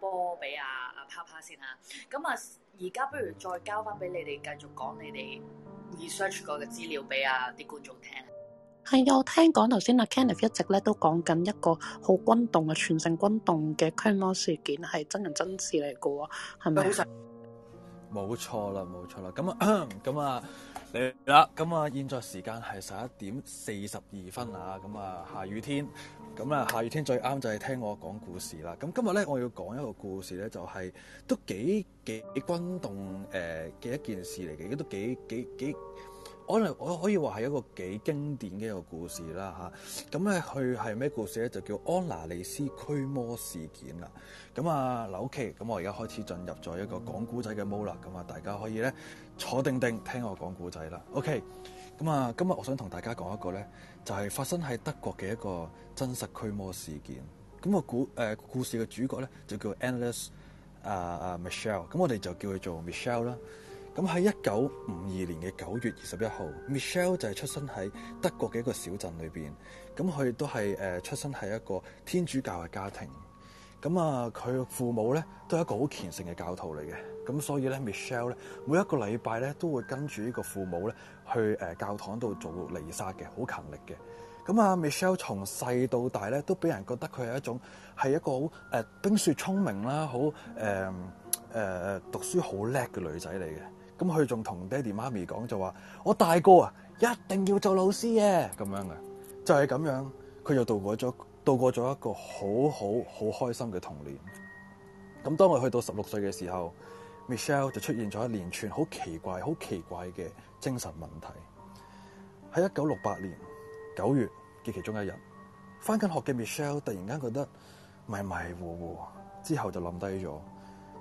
波俾阿阿趴趴先啦。咁啊，而家不如再交翻俾你哋繼續講你哋 research 過嘅資料俾啊，啲觀眾聽。係啊，我聽講頭先阿 Kenneth 一直咧都講緊一個好轟動嘅全城轟動嘅驅魔事件，係真人真事嚟嘅喎，係咪啊？ 冇錯啦，冇錯啦，咁啊，咁啊，嚟啦，咁啊，現在時間係十一點四十二分啊，咁啊，下雨天，咁啊，下雨天最啱就係聽我講故事啦，咁今日咧我要講一個故事咧，就係都幾幾轟動誒嘅一件事嚟嘅，都幾幾幾。我可以話係一個幾經典嘅一個故事啦嚇，咁咧佢係咩故事咧？就叫安娜麗斯驅魔事件啦。咁啊嗱、啊，OK，咁、啊、我而家開始進入咗一個講古仔嘅 mode 啦。咁啊，大家可以咧坐定定聽我講古仔啦。OK，咁啊，今日我想同大家講一個咧，就係、是、發生喺德國嘅一個真實驅魔事件。咁個古誒故事嘅主角咧就叫 Annelise 啊、uh, 啊 Michelle，咁我哋就叫佢做 Michelle 啦。咁喺一九五二年嘅九月二十一號，Michelle 就係出生喺德國嘅一個小鎮裏邊。咁佢亦都係誒出生喺一個天主教嘅家庭。咁啊，佢父母咧都係一個好虔誠嘅教徒嚟嘅。咁所以咧，Michelle 咧每一個禮拜咧都會跟住呢個父母咧去誒教堂度做彌撒嘅，好勤力嘅。咁啊，Michelle 從細到大咧都俾人覺得佢係一種係一個好誒、呃、冰雪聰明啦，好誒誒誒讀書好叻嘅女仔嚟嘅。咁佢仲同爹哋媽咪講就話：我大個啊，一定要做老師嘅、啊。咁樣嘅、啊，就係咁樣，佢又度過咗度過咗一個好好好開心嘅童年。咁當我去到十六歲嘅時候 ，Michelle 就出現咗一連串好奇怪、好奇怪嘅精神問題。喺一九六八年九月嘅其中一日，翻緊學嘅 Michelle 突然間覺得迷迷糊糊，之後就冧低咗。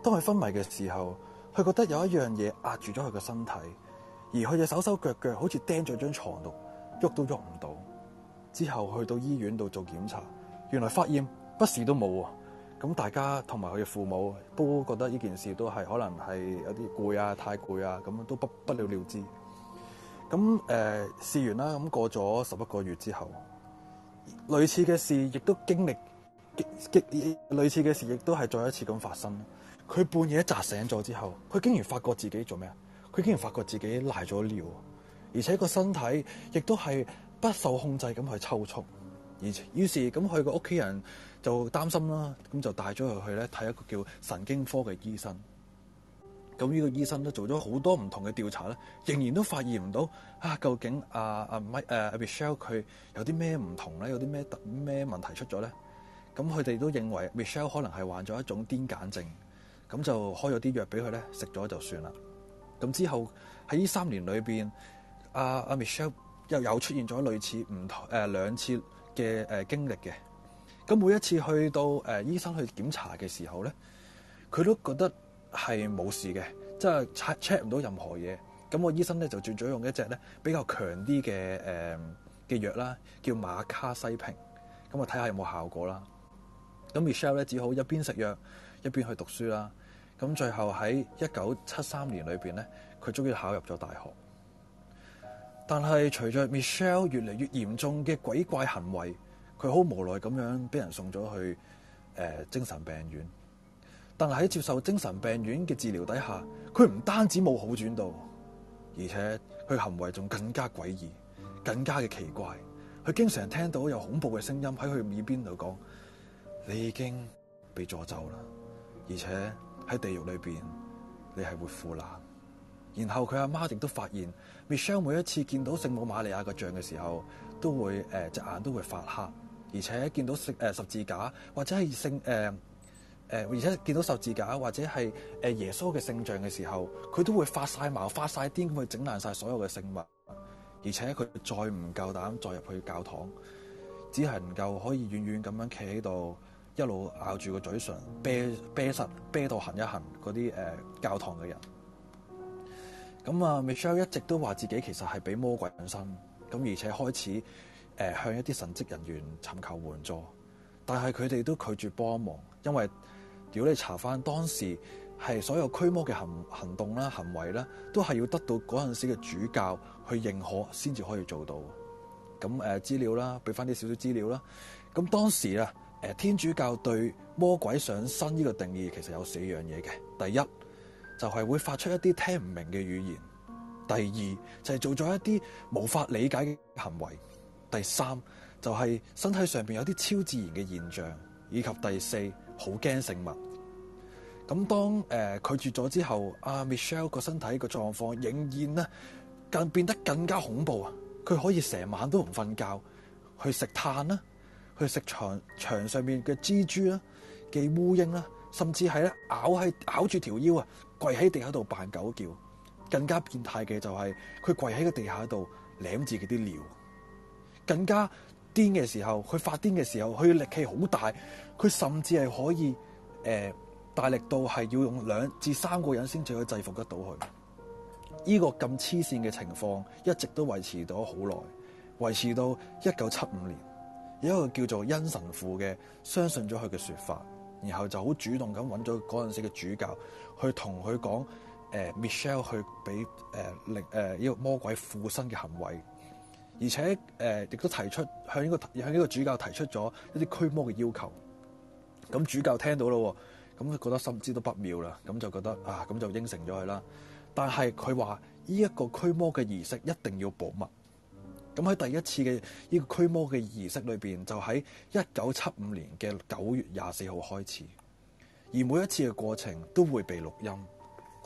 當佢昏迷嘅時候，佢覺得有一樣嘢壓住咗佢個身體，而佢隻手手腳腳好似釘咗張床度，喐都喐唔到。之後去到醫院度做檢查，原來發現乜事都冇喎。咁大家同埋佢嘅父母都覺得呢件事都係可能係有啲攰啊、太攰啊，咁都不不了了之。咁、嗯、誒、呃、試完啦，咁過咗十一個月之後，類似嘅事亦都經歷，類似嘅事亦都係再一次咁發生。佢半夜一扎醒咗之後，佢竟然發覺自己做咩啊？佢竟然發覺自己瀨咗尿，而且個身體亦都係不受控制咁去抽搐。而於是咁，佢個屋企人就擔心啦，咁就帶咗佢去咧睇一個叫神經科嘅醫生。咁、這、呢個醫生都做咗好多唔同嘅調查咧，仍然都發現唔到啊。究竟阿阿米誒 Michelle 佢有啲咩唔同咧？有啲咩特咩問題出咗咧？咁佢哋都認為 Michelle 可能係患咗一種癲癇症。咁就開咗啲藥俾佢咧，食咗就算啦。咁之後喺呢三年裏邊，阿、啊、阿、啊、Michelle 又又出現咗類似唔同誒兩、呃、次嘅誒、呃、經歷嘅。咁每一次去到誒、呃、醫生去檢查嘅時候咧，佢都覺得係冇事嘅，即係 check check 唔到任何嘢。咁個醫生咧就轉咗用一隻咧比較強啲嘅誒嘅藥啦，叫馬卡西平。咁啊睇下有冇效果啦。咁、啊、Michelle 咧只好一邊食藥一邊去讀書啦。咁最後喺一九七三年裏邊咧，佢終於考入咗大學。但係隨着 Michelle 越嚟越嚴重嘅鬼怪行為，佢好無奈咁樣俾人送咗去誒、呃、精神病院。但係喺接受精神病院嘅治療底下，佢唔單止冇好轉到，而且佢行為仲更加詭異、更加嘅奇怪。佢經常聽到有恐怖嘅聲音喺佢耳邊度講：你已經被詛咒啦，而且。喺地獄裏邊，你係會腐爛。然後佢阿媽亦都發現，Michelle 每一次見到聖母瑪利亞個像嘅時候，都會誒只、呃、眼都會發黑，而且見到聖誒十字架或者係聖誒誒，而且見到十字架或者係誒、呃、耶穌嘅聖像嘅時候，佢都會發晒毛、發晒癲咁去整爛晒所有嘅聖物，而且佢再唔夠膽再入去教堂，只係唔夠可以遠遠咁樣企喺度。一路咬住個嘴唇，啤啤實啤到行一行嗰啲誒教堂嘅人。咁、嗯、啊，Michelle 一直都話自己其實係俾魔鬼上身咁，而且開始誒、呃、向一啲神職人員尋求援助，但係佢哋都拒絕幫忙，因為如果你查翻當時係所有驅魔嘅行行動啦、行為咧，都係要得到嗰陣時嘅主教去認可先至可以做到。咁、嗯、誒、呃、資料啦，俾翻啲少少資料啦。咁、嗯、當時啊～誒天主教對魔鬼上身呢個定義其實有四樣嘢嘅。第一就係、是、會發出一啲聽唔明嘅語言；第二就係、是、做咗一啲無法理解嘅行為；第三就係、是、身體上面有啲超自然嘅現象；以及第四好驚聖物。咁當誒拒絕咗之後，阿 Michelle 個身體個狀況仍然呢，更變得更加恐怖啊！佢可以成晚都唔瞓覺，去食炭啦。去食牆，牆上面嘅蜘蛛啦，嘅烏蠅啦，甚至係咧咬喺咬住條腰啊，跪喺地下度扮狗叫。更加變態嘅就係佢跪喺個地下度舐自己啲尿。更加癲嘅時候，佢發癲嘅時候，佢力氣好大，佢甚至係可以誒、呃、大力到係要用兩至三個人先至可以制服得到佢。呢、這個咁黐線嘅情況一直都維持咗好耐，維持到一九七五年。有一個叫做恩神父嘅，相信咗佢嘅說法，然後就好主動咁揾咗嗰陣時嘅主教，去同佢講，誒、呃、Michelle 去俾誒令誒呢個魔鬼附身嘅行為，而且誒、呃、亦都提出向呢、這個向呢個主教提出咗一啲驅魔嘅要求，咁、嗯、主教聽到咯，咁、嗯、佢覺得心知都不妙啦，咁、嗯、就覺得啊，咁、嗯、就應承咗佢啦，但係佢話呢一個驅魔嘅儀式一定要保密。咁喺第一次嘅呢個驅魔嘅儀式裏邊，就喺一九七五年嘅九月廿四號開始。而每一次嘅過程都會被錄音，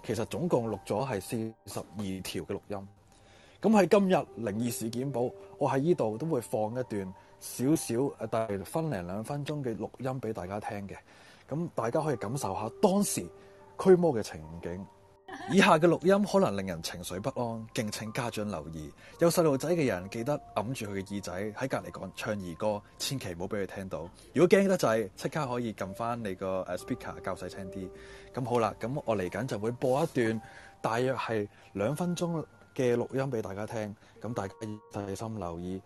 其實總共錄咗係四十二條嘅錄音。咁喺今日靈異事件簿，我喺呢度都會放一段少少欸，但係分零兩,兩分鐘嘅錄音俾大家聽嘅。咁大家可以感受下當時驅魔嘅情景。以下嘅錄音可能令人情緒不安，敬請家長留意。有細路仔嘅人記得揞住佢嘅耳仔喺隔離講唱兒歌，千祈唔好俾佢聽到。如果驚得滯，即刻可以撳翻你個誒 speaker 較細聲啲。咁好啦，咁我嚟緊就會播一段大約係兩分鐘嘅錄音俾大家聽。咁大家要細心留意。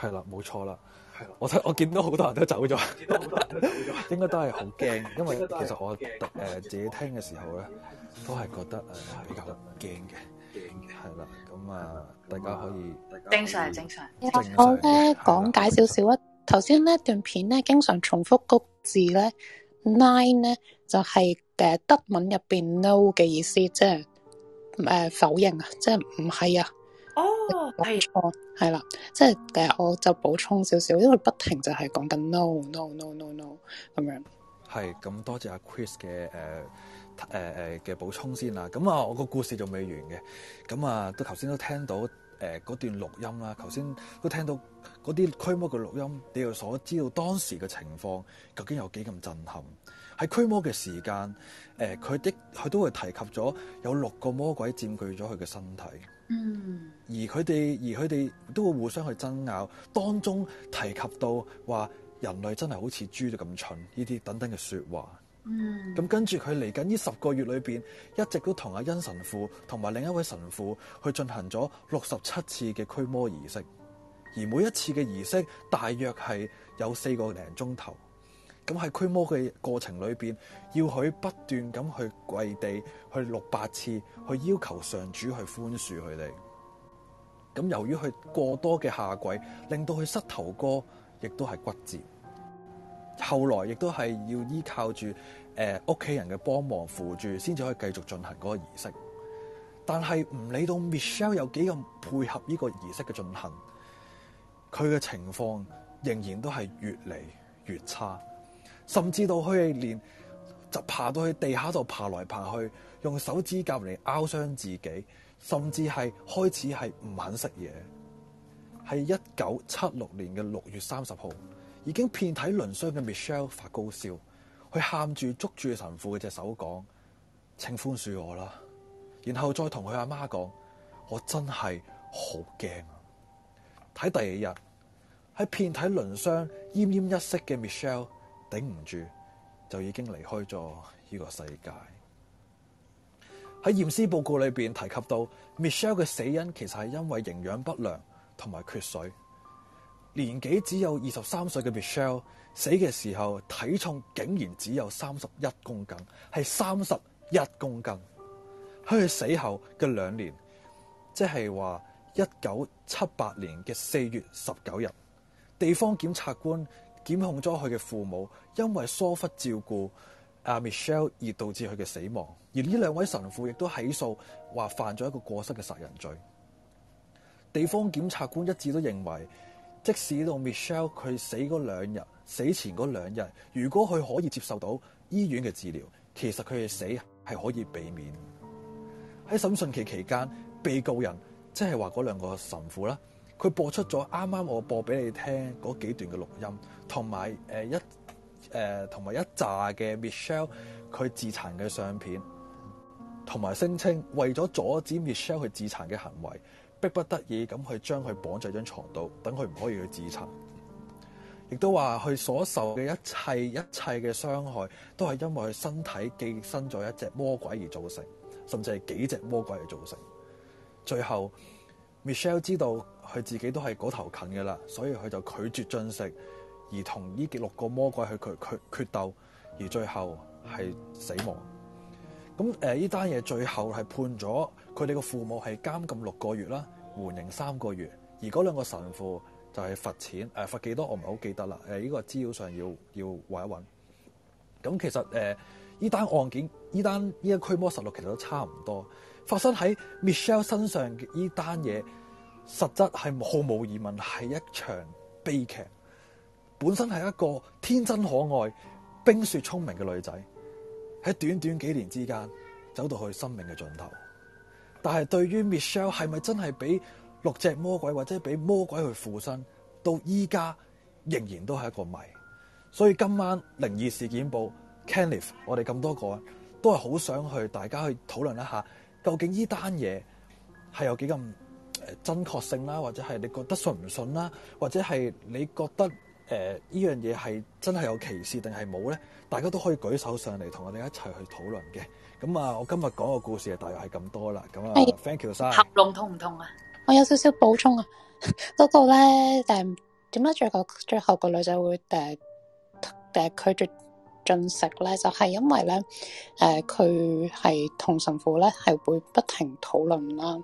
係啦，冇錯啦，係啦， 我我見到好多人都走咗 應該都係好驚，因為其實我自己聽嘅時候咧，都係覺得比較驚嘅。係啦，咁啊、嗯，大家可以。正常係正常。我咧呢講解少少啊，頭先、嗯、呢一段片咧，經常重複谷字咧，nine 咧就係、是、誒德文入邊 no 嘅意思，即係誒否認、就是、是啊，即係唔係啊。哦，係錯。哦的，係啦，即係誒，我就補充少少，因為不停就係講緊 no no no no no 咁、no, no, no, 樣。係，咁多謝阿 Chris 嘅誒。呃誒誒嘅補充先啦，咁、嗯、啊，我個故事仲未完嘅，咁、嗯、啊，都頭先都聽到誒嗰、呃、段錄音啦，頭先都聽到嗰啲驅魔嘅錄音，你又所知道當時嘅情況究竟有幾咁震撼？喺驅魔嘅時間，誒佢的佢都會提及咗有六個魔鬼佔據咗佢嘅身體，嗯，而佢哋而佢哋都會互相去爭拗，當中提及到話人類真係好似豬咁蠢，呢啲等等嘅説話。咁、嗯、跟住佢嚟緊呢十個月裏邊，一直都同阿恩神父同埋另一位神父去進行咗六十七次嘅驅魔儀式，而每一次嘅儀式大約係有四個零鐘頭。咁喺驅魔嘅過程裏邊，要佢不斷咁去跪地，去六百次去要求上主去寬恕佢哋。咁由於佢過多嘅下跪，令到佢膝頭哥亦都係骨折。後來亦都係要依靠住誒屋企人嘅幫忙扶住，先至可以繼續進行嗰個儀式。但係唔理到 Michelle 有幾咁配合呢個儀式嘅進行，佢嘅情況仍然都係越嚟越差，甚至到去連就爬到去地下度爬來爬去，用手指甲嚟拗傷自己，甚至係開始係唔肯食嘢。係一九七六年嘅六月三十號。已經遍體鱗傷嘅 Michelle 發高燒，佢喊住捉住神父嘅隻手講：請寬恕我啦！然後再同佢阿媽講：我真係好驚啊！睇第二日，喺遍體鱗傷奄奄一息嘅 Michelle 頂唔住，就已經離開咗呢個世界。喺驗屍報告裏邊提及到 Michelle 嘅死因其實係因為營養不良同埋缺水。年紀只有二十三歲嘅 Michelle 死嘅時候，體重竟然只有三十一公斤，係三十一公斤。喺佢死後嘅兩年，即係話一九七八年嘅四月十九日，地方檢察官檢控咗佢嘅父母，因為疏忽照顧阿 Michelle 而導致佢嘅死亡。而呢兩位神父亦都起訴，話犯咗一個過失嘅殺人罪。地方檢察官一致都認為。即使到 Michelle 佢死嗰兩日，死前嗰兩日，如果佢可以接受到醫院嘅治療，其實佢嘅死係可以避免。喺審訊期期間，被告人即係話嗰兩個神父啦，佢播出咗啱啱我播俾你聽嗰幾段嘅錄音，同埋誒一誒同埋一紮嘅 Michelle 佢自殘嘅相片，同埋聲稱為咗阻止 Michelle 去自殘嘅行為。迫不得已咁去將佢綁在張牀度，等佢唔可以去自殘。亦都話佢所受嘅一切一切嘅傷害，都係因為佢身體寄生咗一隻魔鬼而造成，甚至係幾隻魔鬼而造成。最後，Michelle 知道佢自己都係嗰頭近嘅啦，所以佢就拒絕進食，而同呢幾六個魔鬼去佢佢決鬥，而最後係死亡。咁誒呢單嘢最後係判咗。佢哋嘅父母係監禁六個月啦，緩刑三個月，而嗰兩個神父就係罰錢，誒、啊、罰幾多我唔係好記得啦，誒呢、呢個資料上要要揾一揾。咁其實誒呢單案件，呢單呢一驅魔實錄其實都差唔多，發生喺 Michelle 身上嘅呢單嘢，實質係毫無疑問係一場悲劇。本身係一個天真可愛、冰雪聰明嘅女仔，喺短短幾年之間走到去生命嘅盡頭。但係對於 Michelle 係咪真係俾六隻魔鬼或者俾魔鬼去附身，到依家仍然都係一個謎。所以今晚靈異事件簿 Kenneth，我哋咁多個都係好想去，大家去討論一下，究竟依單嘢係有幾咁誒真確性啦，或者係你覺得信唔信啦，或者係你覺得誒依樣嘢係真係有歧視定係冇咧？大家都可以舉手上嚟，同我哋一齊去討論嘅。咁啊！我今日講個故事，係大約係咁多啦。咁啊，thank you，合龍痛唔痛啊？我有少少補充啊。不 過咧，誒，點解最個最後，最後個女仔會誒誒拒絕進食咧？就係、是、因為咧，誒、呃，佢係同神父咧係會不停討論啦。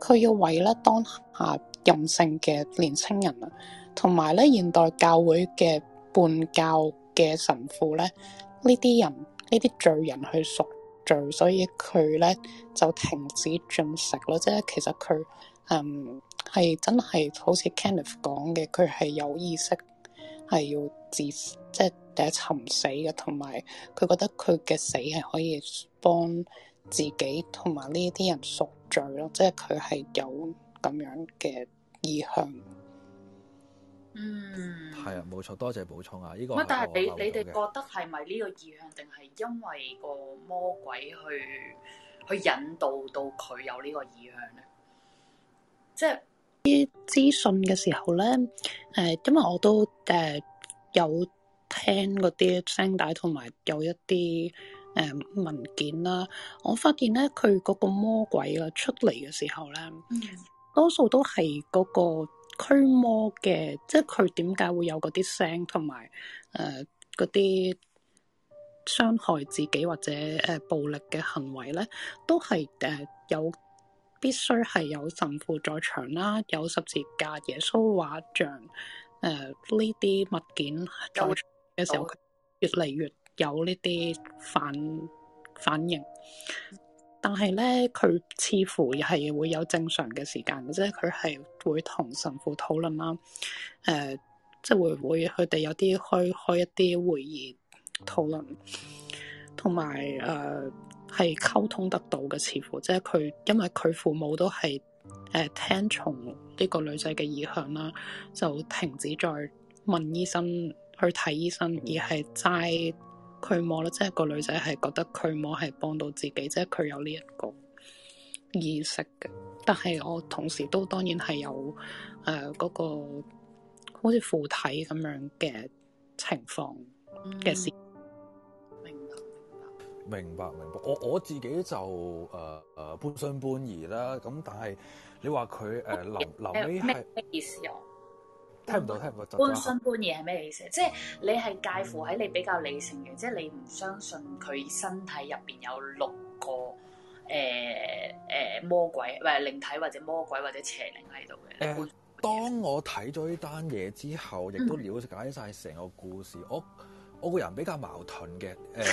佢要為呢當下任性嘅年青人啊，同埋咧現代教會嘅叛教嘅神父咧呢啲人呢啲罪人去贖罪，所以佢咧就停止進食咯。即係其實佢，嗯，係真係好似 Kenneth 講嘅，佢係有意識係要自，即係第一尋死嘅，同埋佢覺得佢嘅死係可以幫自己同埋呢啲人贖罪咯。即係佢係有咁樣嘅意向。嗯，係啊，冇錯，多謝補充啊！呢個唔係，但係你你哋覺得係咪呢個意向，定係因為個魔鬼去去引導到佢有呢個意向咧？即係啲資訊嘅時候咧，誒，因為我都誒有聽嗰啲聲帶，同埋有一啲誒文件啦，我發現咧，佢嗰個魔鬼啊出嚟嘅時候咧，嗯、多數都係嗰個。驅魔嘅，即係佢點解會有嗰啲聲同埋誒嗰啲傷害自己或者誒、呃、暴力嘅行為咧，都係誒、呃、有必須係有神父在場啦，有十字架、耶穌畫像誒呢啲物件在場嘅時候，越嚟越有呢啲反反應。但係咧，佢似乎又係會有正常嘅時間嘅，即係佢係會同神父討論啦，誒、呃，即係會唔會佢哋有啲開開一啲會議討論，同埋誒係溝通得到嘅，似乎即係佢因為佢父母都係誒、呃、聽從呢個女仔嘅意向啦，就停止再問醫生去睇醫生，而係齋驅魔啦，即係個女仔係覺得驅魔係幫到自己，即係佢有呢一個意識嘅。但係我同時都當然係有誒嗰、呃嗰個好似附體咁樣嘅情況嘅事、嗯明。明白，明白，明白。我我自己就誒誒半信半疑啦。咁、呃呃、但係你話佢誒留留喺咩意思啊？聽唔到，聽唔到，半信半疑係咩意思？嗯、即係你係介乎喺你比較理性嘅，嗯、即係你唔相信佢身體入邊有六個誒誒、呃呃、魔鬼，或、呃、係靈體或者魔鬼或者邪靈喺度嘅。當我睇咗呢單嘢之後，亦都了解晒成個故事，我、嗯。Oh. 我個人比較矛盾嘅，誒、呃、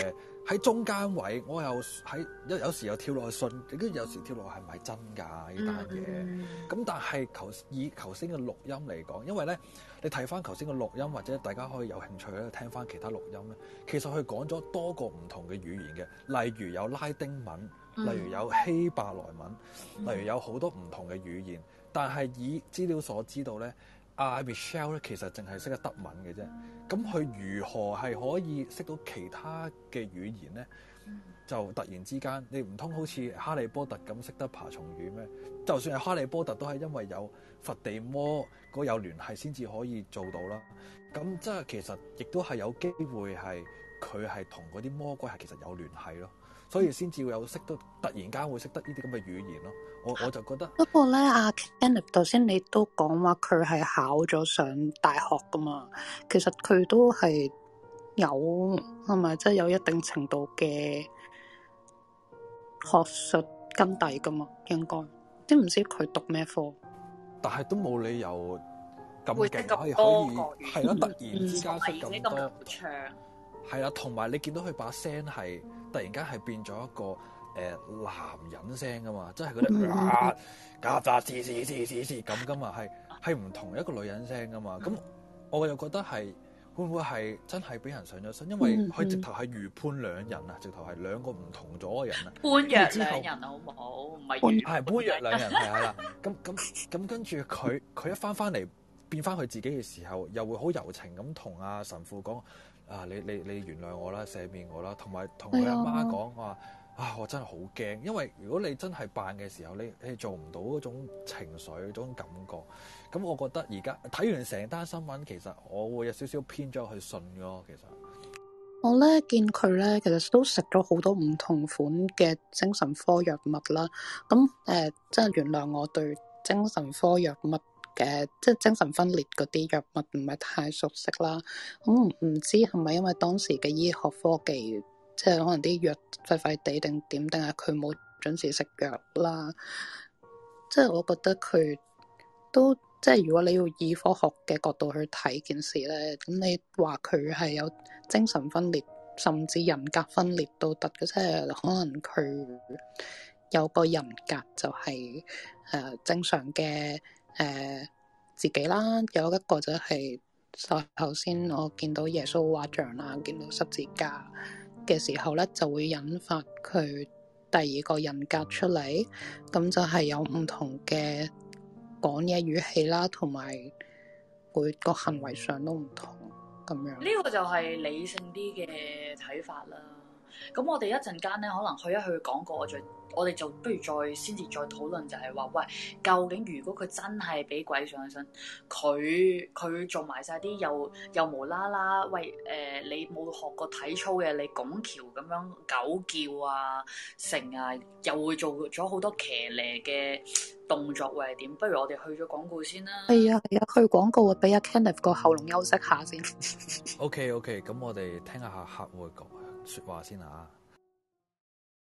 喺中間位，我又喺有有，有時又跳落去信，亦都有時跳落去係咪真㗎呢單嘢？咁、嗯嗯、但係求以求先嘅錄音嚟講，因為咧你睇翻求先嘅錄音，或者大家可以有興趣咧聽翻其他錄音咧，其實佢講咗多個唔同嘅語言嘅，例如有拉丁文，例如有希伯來文，嗯、例如有好多唔同嘅語言，但係以資料所知道咧。阿 Michelle 咧，其實淨係識得德文嘅啫。咁佢如何係可以識到其他嘅語言咧？就突然之間，你唔通好似哈利波特咁識得爬蟲語咩？就算係哈利波特，都係因為有佛地魔嗰有聯繫先至可以做到啦。咁即係其實亦都係有機會係佢係同嗰啲魔鬼係其實有聯繫咯。所以先至會有識得，突然間會識得呢啲咁嘅語言咯。我我就覺得不過咧，阿 Annie 頭先你都講話佢係考咗上大學噶嘛，其實佢都係有係咪，即係有一定程度嘅學術根底噶嘛，應該。知唔知佢讀咩科，但係都冇理由咁勁，可以可以係咯。突然之間識咁多，係啦，同埋、啊、你見到佢把聲係。突然間係變咗一個誒男人聲噶嘛，即係佢哋啊，曱甴似似似似咁咁嘛，係係唔同一個女人聲噶嘛，咁我又覺得係會唔會係真係俾人上咗身，因為佢直頭係預判兩人啊，直頭係兩個唔同咗嘅人啊，判若兩人好唔好？唔係判若兩人係啦，咁咁咁跟住佢佢一翻翻嚟變翻佢自己嘅時候，又會好柔情咁同阿神父講。啊！你你你原諒我啦，赦免我啦，同埋同佢阿媽講，我話 啊，我真係好驚，因為如果你真係扮嘅時候，你你做唔到嗰種情緒、嗰種感覺，咁我覺得而家睇完成單新聞，其實我會有少少偏咗去信咯，其實。我咧見佢咧，其實都食咗好多唔同款嘅精神科藥物啦。咁誒，即、呃、係原諒我對精神科藥物。嘅即係精神分裂嗰啲藥物唔係太熟悉啦，咁、嗯、唔知係咪因為當時嘅醫學科技即係可能啲藥快快哋定點，定係佢冇準時食藥啦。即係我覺得佢都即係如果你要以科學嘅角度去睇件事咧，咁你話佢係有精神分裂，甚至人格分裂都得嘅，即係可能佢有個人格就係、是、誒、呃、正常嘅。誒、呃，自己啦，有一個就係、是，頭先我見到耶穌畫像啦，見到十字架嘅時候咧，就會引發佢第二個人格出嚟，咁就係有唔同嘅講嘢語氣啦，同埋每個行為上都唔同咁樣。呢個就係理性啲嘅睇法啦。咁我哋一陣間咧，可能去一去廣告，我再我哋就不如再先至再，再討論就，就係話喂，究竟如果佢真係俾鬼上身，佢佢做埋晒啲又又無啦啦，喂誒、呃，你冇學過體操嘅，你拱橋咁樣狗叫啊、成啊，又會做咗好多騎呢嘅動作，會係點？不如我哋去咗廣告先啦。係啊，去廣告啊，俾阿 Kenneth 個喉嚨休息下先。OK OK，咁 我哋聽下客戶講。說話先啊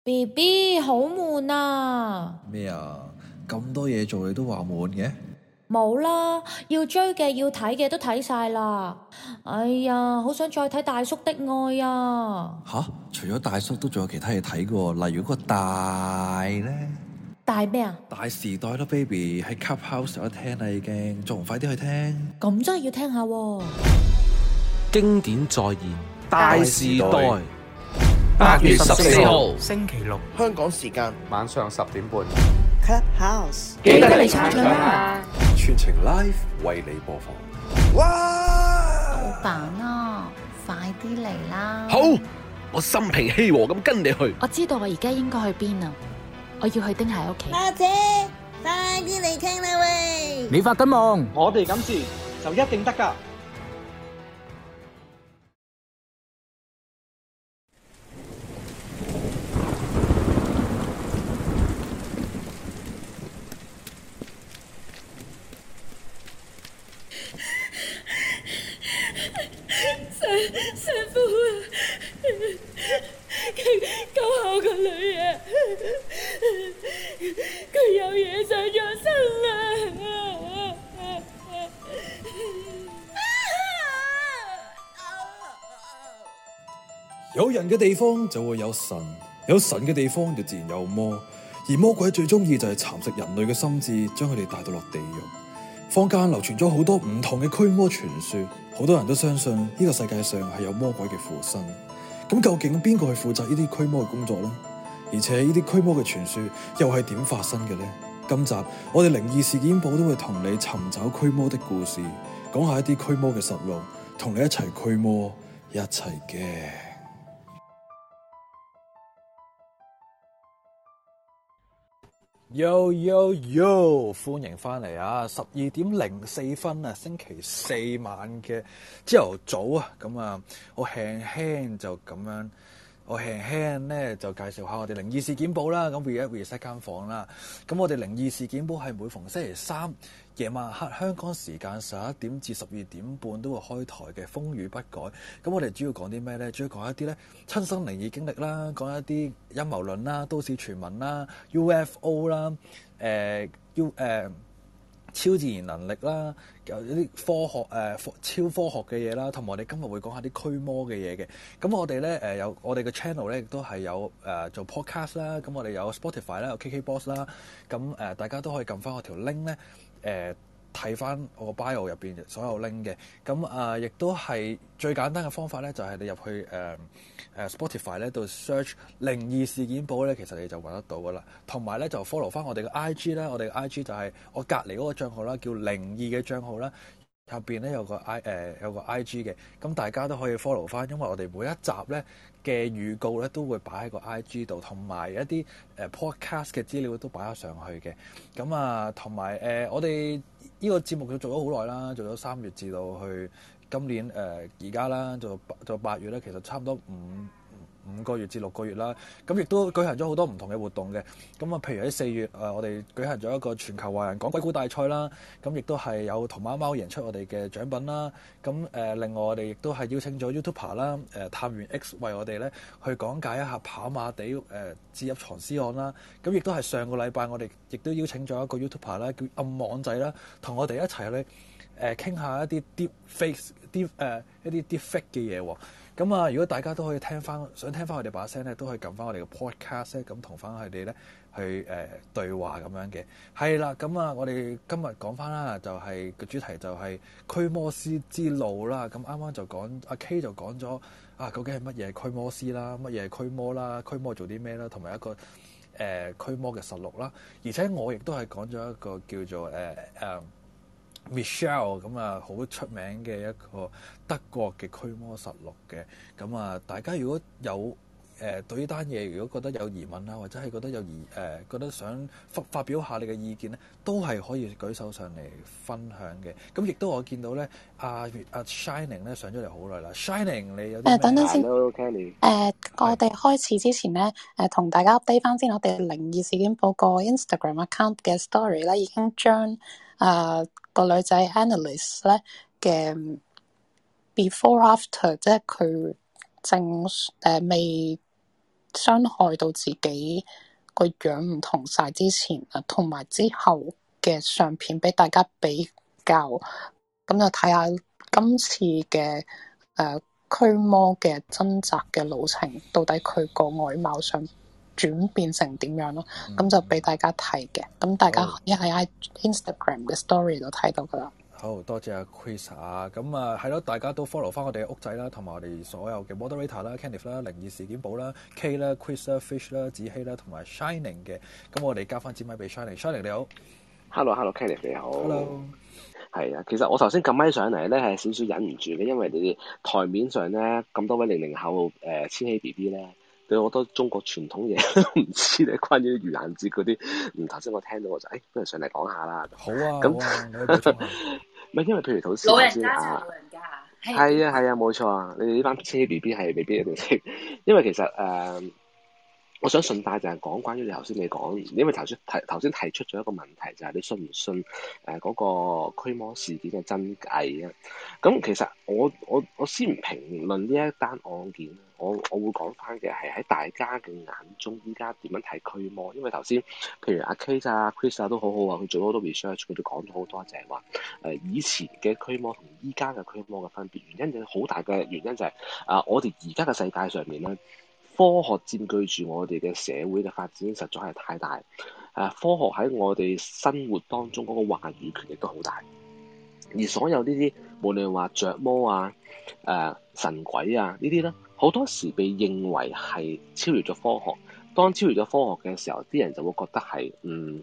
，B B 好悶啊！咩啊？咁多嘢，做你都話悶嘅？冇啦，要追嘅要睇嘅都睇晒啦。哎呀，好想再睇大叔的愛啊！吓、啊，除咗大叔都仲有其他嘢睇噶，例如嗰個大咧，大咩啊？大時代咯、啊，Baby，喺 Club House 上一聽啦，已經仲快啲去聽。咁真係要聽下、啊，經典再現《大時代》。八月十四號星期六香港時間晚上十點半，Clubhouse 記得嚟，唱唱，全程 live 為你播放。哇！老闆啊，快啲嚟啦！好，我心平氣和咁跟你去。我知道我而家應該去邊啊！我要去丁蟹屋企。阿姐，快啲嚟傾啦喂！你發緊夢，我哋噉住就一定得噶。師傅啊，救救我個女啊！佢有嘢上咗身啦，啊！ 有人嘅地方就會有神，有神嘅地方就自然有魔，而魔鬼最中意就係蠶食人類嘅心智，將佢哋帶到落地獄。坊間流傳咗好多唔同嘅驅魔傳說，好多人都相信呢個世界上係有魔鬼嘅附身。咁究竟邊個去負責呢啲驅魔嘅工作呢？而且呢啲驅魔嘅傳說又係點發生嘅呢？今集我哋靈異事件簿都會同你尋找驅魔的故事，講下一啲驅魔嘅實錄，同你一齊驅魔，一齊嘅。Yo yo yo！歡迎翻嚟啊，十二點零四分啊，星期四晚嘅朝頭早啊，咁啊，我輕輕就咁樣，我輕輕呢就介紹下我哋靈異事件簿啦，咁 we have we set 間房啦，咁我哋靈異事件簿係每逢星期三。夜晚黑香港時間十一點至十二點半都會開台嘅，風雨不改。咁我哋主要講啲咩咧？主要講一啲咧親身靈異經歷啦，講一啲陰謀論啦、都市傳聞啦、UFO 啦、呃、誒 U 誒、呃、超自然能力啦，有一啲科學誒、呃、超科學嘅嘢、呃呃、啦，同埋我哋今日會講下啲驅魔嘅嘢嘅。咁我哋咧誒有我哋嘅 channel 咧，亦都係有誒做 podcast 啦。咁我哋有 Spotify 啦，有 KKBox 啦。咁誒大家都可以撳翻我條 link 咧。誒睇翻我個 bio 入邊所有 link 嘅，咁啊、呃、亦都係最簡單嘅方法咧，就係、是、你入去誒誒、呃呃、Spotify 咧度 search 靈異事件簿咧，其實你就搵得到噶啦，同埋咧就 follow 翻我哋嘅 IG 啦，我哋嘅 IG 就係我隔離嗰個帳號啦，叫靈異嘅帳號啦。入邊咧有個 i 誒、呃、有個 IG 嘅，咁大家都可以 follow 返，因為我哋每一集咧嘅預告咧都會擺喺個 IG 度，同埋一啲誒 podcast 嘅資料都擺咗上去嘅。咁啊，同埋誒，我哋呢個節目佢做咗好耐啦，做咗三月至到去今年誒而家啦，做做八月咧，其實差唔多五。五個月至六個月啦，咁亦都舉行咗好多唔同嘅活動嘅。咁啊，譬如喺四月，誒我哋舉行咗一個全球華人講鬼故大賽啦。咁亦都係有同貓貓贏出我哋嘅獎品啦。咁誒，另外我哋亦都係邀請咗 YouTuber 啦，誒探員 X 為我哋咧去講解一下跑馬地誒置入藏屍案啦。咁亦都係上個禮拜，我哋亦都邀請咗一個 YouTuber 啦，叫暗網仔啦，同我哋一齊咧誒傾下一啲 deep face 啲誒、uh, 一啲 deep fake 嘅嘢喎。咁啊！如果大家都可以聽翻，想聽翻我哋把聲咧，都可以撳翻我哋嘅 podcast 咧，咁同翻佢哋咧去誒、呃、對話咁樣嘅，係啦，咁啊，我哋今日講翻啦，就係、是、個主題就係驅魔師之路啦。咁啱啱就講阿 K 就講咗啊，究竟係乜嘢驅魔師啦，乜嘢驅魔啦，驅魔做啲咩啦，同埋一個誒、呃、驅魔嘅實錄啦。而且我亦都係講咗一個叫做誒。呃呃 Michelle 咁啊，好出名嘅一個德國嘅驅魔實錄嘅，咁啊，大家如果有誒、呃、對呢單嘢，如果覺得有疑問啊，或者係覺得有疑誒、呃，覺得想發發表下你嘅意見咧，都係可以舉手上嚟分享嘅。咁亦都我見到咧，阿、啊、阿、啊、Shining 咧上咗嚟好耐啦。Shining 你有誒等等先。Hello，誒，我哋開始之前咧，誒、呃、同大家 update 翻先，我哋靈異事件簿嘅 Instagram account 嘅 story 咧，已經將誒。呃呃個女仔 Annalise 咧嘅 before after，即係佢正誒未、呃、傷害到自己個樣唔同曬之前啊，同埋之後嘅相片俾大家比較，咁就睇下今次嘅誒、呃、驅魔嘅掙扎嘅路程，到底佢個外貌上轉變成點樣咯？咁、嗯、就俾大家睇嘅，咁大家一睇喺 Instagram 嘅 story 就睇到噶啦。好多謝阿、啊、Chris 啊，咁啊係咯，大家都 follow 翻我哋屋仔啦，同埋我哋所有嘅 Moderator 啦、Kenneth 啦、靈異事件簿啦、K 啦、Chris 啦、Fish 啦、子希啦，同埋 Shining 嘅。咁我哋交翻支麥俾 Shining，Shining 你好。Hello，Hello，Kenneth 你好。Hello。係啊，其實我頭先撳麥上嚟咧係少少忍唔住嘅，因為你台面上咧咁多位零零後誒千禧 BB 咧。對，我覺得中國傳統嘢都唔知咧， 關於盂蘭節嗰啲，唔，頭先我聽到我就誒、哎，不如上嚟講下啦。好啊，咁唔係因為譬如土司啊，老人家係啊係啊，冇錯啊！錯 你哋呢班車 B B 係未必一定識，因為其實誒。呃我想順帶就係講關於你頭先你講，因為頭先提頭先提出咗一個問題，就係你信唔信誒嗰、呃那個驅魔事件嘅真偽啊？咁其實我我我先唔評論呢一單案件我我會講翻嘅係喺大家嘅眼中依家點樣睇驅魔？因為頭先譬如阿 k h i sKiss 啊、Chris 啊都好好啊，佢做好多 research，佢哋講咗好多就係話誒以前嘅驅魔同依家嘅驅魔嘅分別，原因就好、是、大嘅原因就係、是、啊、呃，我哋而家嘅世界上面咧。科學佔據住我哋嘅社會嘅發展實在係太大，誒、啊、科學喺我哋生活當中嗰個話語權亦都好大。而所有呢啲無論話著魔啊、誒、啊、神鬼啊呢啲咧，好多時被認為係超越咗科學。當超越咗科學嘅時候，啲人就會覺得係嗯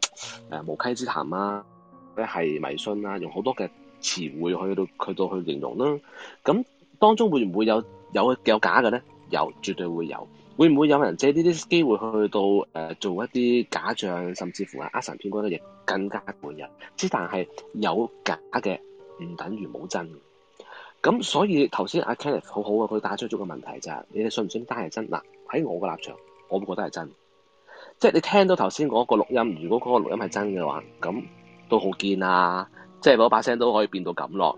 誒無稽之談啦、啊，或者係迷信啦、啊，用好多嘅詞彙去到去到去形容啦、啊。咁當中會唔會有有有假嘅咧？有絕對會有。會唔會有人借呢啲機會去到誒、呃、做一啲假象，甚至乎係呃神騙鬼嘅嘢更加瞞人。之但係有假嘅唔等於冇真。咁所以頭先阿 Kenneth 好好啊，佢打出咗個問題就係、是：你哋信唔信真係真？嗱、啊，喺我嘅立場，我會覺得係真。即係你聽到頭先嗰個錄音，如果嗰個錄音係真嘅話，咁都好見啊！即係嗰把聲都可以變到咁囉，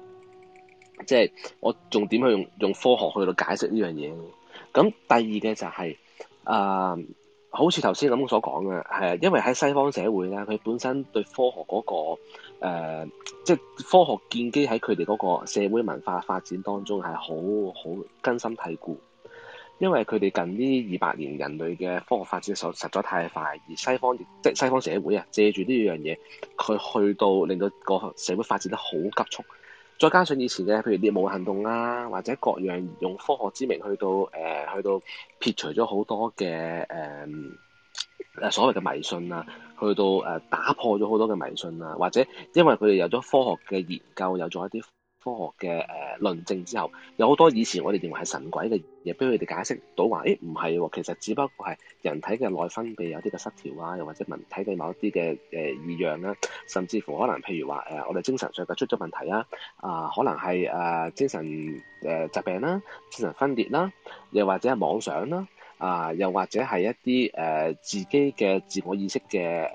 即係我仲點去用用科學去到解釋呢樣嘢？咁第二嘅就係、是、啊、呃，好似頭先咁所講嘅，係因為喺西方社會咧、啊，佢本身對科學嗰、那個、呃、即係科學建基喺佢哋嗰個社會文化發展當中係好好根深蒂固，因為佢哋近呢二百年人類嘅科學發展實實在太快，而西方即係西方社會啊，借住呢樣嘢，佢去到令到個社會發展得好急速。再加上以前咧，譬如獵巫行動啦、啊，或者各樣用科學之名去到誒、呃、去到撇除咗好多嘅誒誒所謂嘅迷信啊，去到誒、呃、打破咗好多嘅迷信啊，或者因為佢哋有咗科學嘅研究，有咗一啲。科學嘅誒論證之後，有好多以前我哋認為係神鬼嘅嘢，俾佢哋解釋到話，誒唔係喎，其實只不過係人體嘅內分泌有啲嘅失調啊，又或者人體嘅某一啲嘅誒異樣啦、啊，甚至乎可能譬如話誒，我哋精神上嘅出咗問題啦、啊，啊，可能係誒、啊、精神誒疾病啦、啊，精神分裂啦、啊，又或者係妄想啦、啊，啊，又或者係一啲誒、啊、自己嘅自我意識嘅誒誒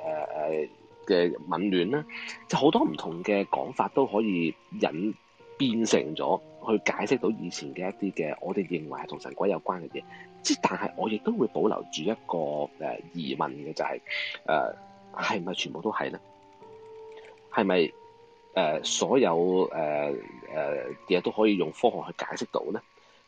嘅紊亂啦，就、啊、好、啊、多唔同嘅講法都可以引。變成咗去解釋到以前嘅一啲嘅，我哋認為係同神鬼有關嘅嘢。即但係我亦都會保留住一個誒疑問嘅，就係誒係咪全部都係咧？係咪誒所有誒誒嘢都可以用科學去解釋到咧？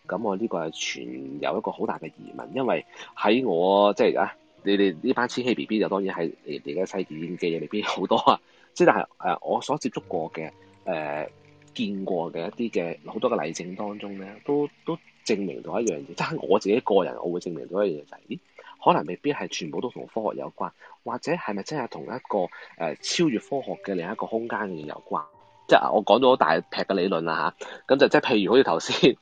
咁我呢個係全有一個好大嘅疑問，因為喺我即係啊，你哋呢班千禧 B B 就當然係你哋嘅世紀嘅嘢裏面好多啊。即但係誒、呃，我所接觸過嘅誒。呃見過嘅一啲嘅好多嘅例證當中咧，都都證明到一樣嘢。但係我自己個人，我會證明到一樣嘢就係、是，咦？可能未必係全部都同科學有關，或者係咪真係同一個誒、呃、超越科學嘅另一個空間嘅嘢有關？即係我講咗好大劈嘅理論啦吓，咁、啊、就即係譬如好似頭先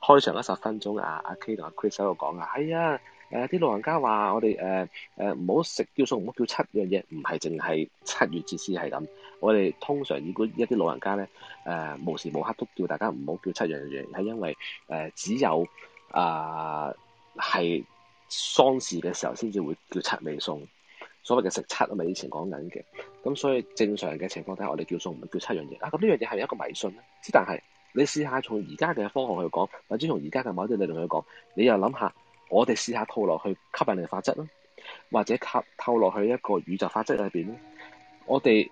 開場嗰十分鐘，阿阿 K 同阿 Chris 喺度講啊，係啊，啊。哎誒啲、呃、老人家話、呃呃：我哋誒誒唔好食叫餸，唔好叫七樣嘢，唔係淨係七月至先係咁。我哋通常如果一啲老人家咧，誒、呃、無時無刻都叫大家唔好叫七樣嘢，係因為誒、呃、只有啊係、呃、喪事嘅時候先至會叫七味餸。所謂嘅食七，咪以前講緊嘅。咁所以正常嘅情況底下，我哋叫餸唔叫七樣嘢啊。咁呢樣嘢係一個迷信咧。之但係你試下從而家嘅方向去講，或者從而家嘅某啲理論去講，你又諗下。我哋試下套落去吸引力嘅法則咯，或者吸透落去一個宇宙法則裏邊咧。我哋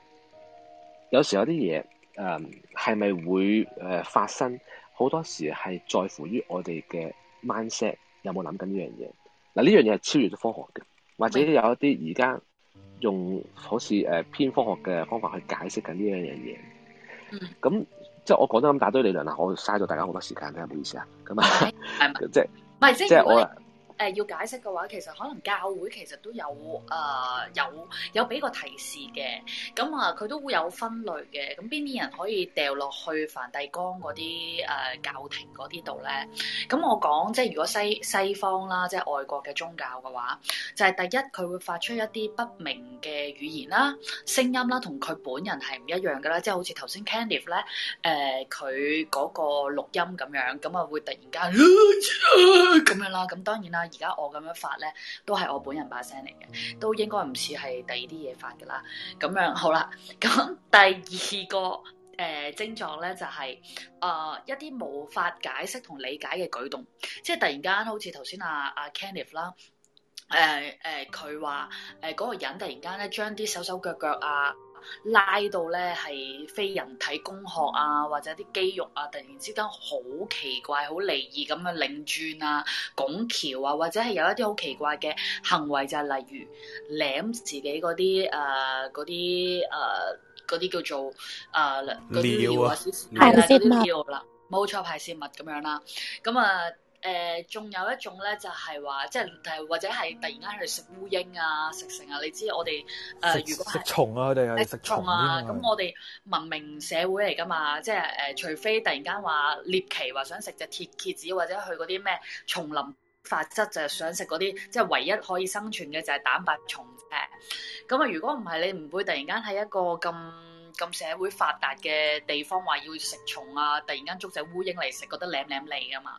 有時有啲嘢，誒，係、嗯、咪會誒、呃、發生？好多時係在乎於我哋嘅 mindset 有冇諗緊呢樣嘢。嗱，呢樣嘢係超越咗科學嘅，或者有一啲而家用好似誒偏科學嘅方法去解釋緊呢樣嘢。咁、嗯、即係我講得咁大堆理論啦，我嘥咗大家好多時間，你係冇意思啊？咁啊，是是 即係係是即係我。是要解釋嘅話，其實可能教會其實都有誒、呃、有有俾個提示嘅。咁啊佢都會有分類嘅，咁邊啲人可以掉落去梵蒂岡嗰啲誒教廷嗰啲度咧？咁、嗯、我講即係如果西西方啦，即係外國嘅宗教嘅話，就係、是、第一佢會發出一啲不明嘅語言啦、聲音啦，同佢本人係唔一樣嘅啦，即係好似頭先 Candice 咧誒佢嗰個錄音咁樣，咁啊會突然間咁 樣啦，咁當然啦。而家我咁樣發咧，都係我本人把聲嚟嘅，都應該唔似係第二啲嘢發噶啦。咁樣好啦，咁第二個誒症、呃、狀咧就係、是、誒、呃、一啲無法解釋同理解嘅舉動，即係突然間好似頭先阿阿 Kenneth 啦，誒誒佢話誒嗰個人突然間咧將啲手手腳腳啊～拉到咧，係非人體工學啊，或者啲肌肉啊，突然之間好奇怪，好離異咁樣擰轉啊、拱橋啊，或者係有一啲好奇怪嘅行為，就係、是、例如舐自己嗰啲誒嗰啲誒嗰啲叫做誒尿排泄物啦，冇錯排泄物咁樣啦，咁啊。錯誒，仲、呃、有一種咧，就係、是、話即係，或者係突然間去食烏蠅啊、食成啊。你知我哋誒，呃、食如果食蟲啊，定係食蟲啊？咁、啊、們我哋文明社會嚟噶嘛，即係誒、呃，除非突然間話獵奇，話想食隻鐵蠍子，或者去嗰啲咩叢林法則，就係、是、想食嗰啲即係唯一可以生存嘅就係蛋白蟲嘅。咁啊，如果唔係你唔會突然間喺一個咁咁社會發達嘅地方話要食蟲啊，突然間捉隻烏蠅嚟食，覺得舐舐脷噶嘛。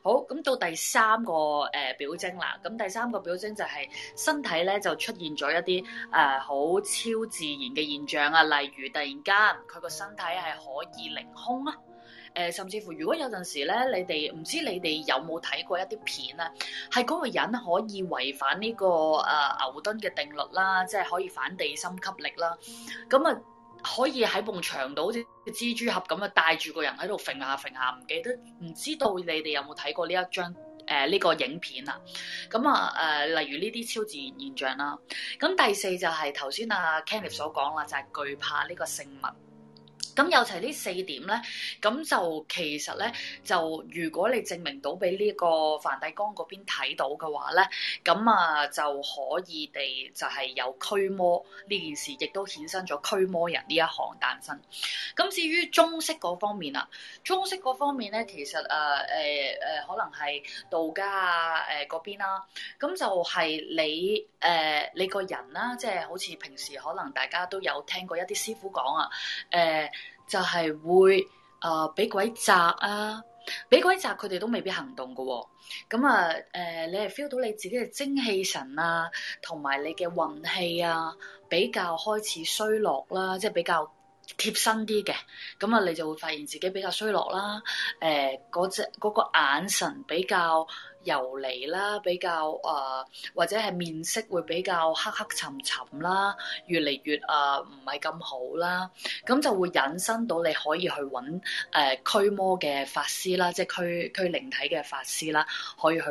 好，咁到第三個誒、呃、表徵啦。咁第三個表徵就係身體咧就出現咗一啲誒好超自然嘅現象啊，例如突然間佢個身體係可以凌空啊。誒、呃，甚至乎如果有陣時咧，你哋唔知你哋有冇睇過一啲片咧、啊，係嗰個人可以違反呢、這個誒、呃、牛頓嘅定律啦，即係可以反地心吸力啦。咁啊～可以喺埲牆度好似蜘蛛俠咁啊，帶住個人喺度揈下揈下，唔記得唔知道你哋有冇睇過呢一張誒呢、呃呢個影片啊？咁啊誒，例如呢啲超自然現象啦。咁、啊、第四就係頭先啊 Kenny 所講啦，就係、是、懼怕呢個聖物。咁有齊呢四點咧，咁就其實咧，就如果你證明到俾呢個梵蒂岡嗰邊睇到嘅話咧，咁啊就可以地就係有驅魔呢件事，亦都衍生咗驅魔人呢一行誕生。咁至於中式嗰方面啊，中式嗰方面咧，其實誒誒誒，可能係道家啊誒嗰邊啦，咁、呃啊、就係你誒、呃、你個人啦、啊，即、就、係、是、好似平時可能大家都有聽過一啲師傅講啊誒。呃就係會誒俾、呃、鬼擲啊，俾鬼擲佢哋都未必行動嘅喎、哦。咁啊誒，你係 feel 到你自己嘅精氣神啊，同埋你嘅運氣啊，比較開始衰落啦，即係比較貼身啲嘅。咁啊，你就會發現自己比較衰落啦。誒、呃，嗰隻嗰個眼神比較油膩啦，比較誒、呃、或者係面色會比較黑黑沉沉啦，越嚟越誒唔係咁好啦，咁就會引申到你可以去揾誒、呃、驅魔嘅法師啦，即係驅驅靈體嘅法師啦，可以去。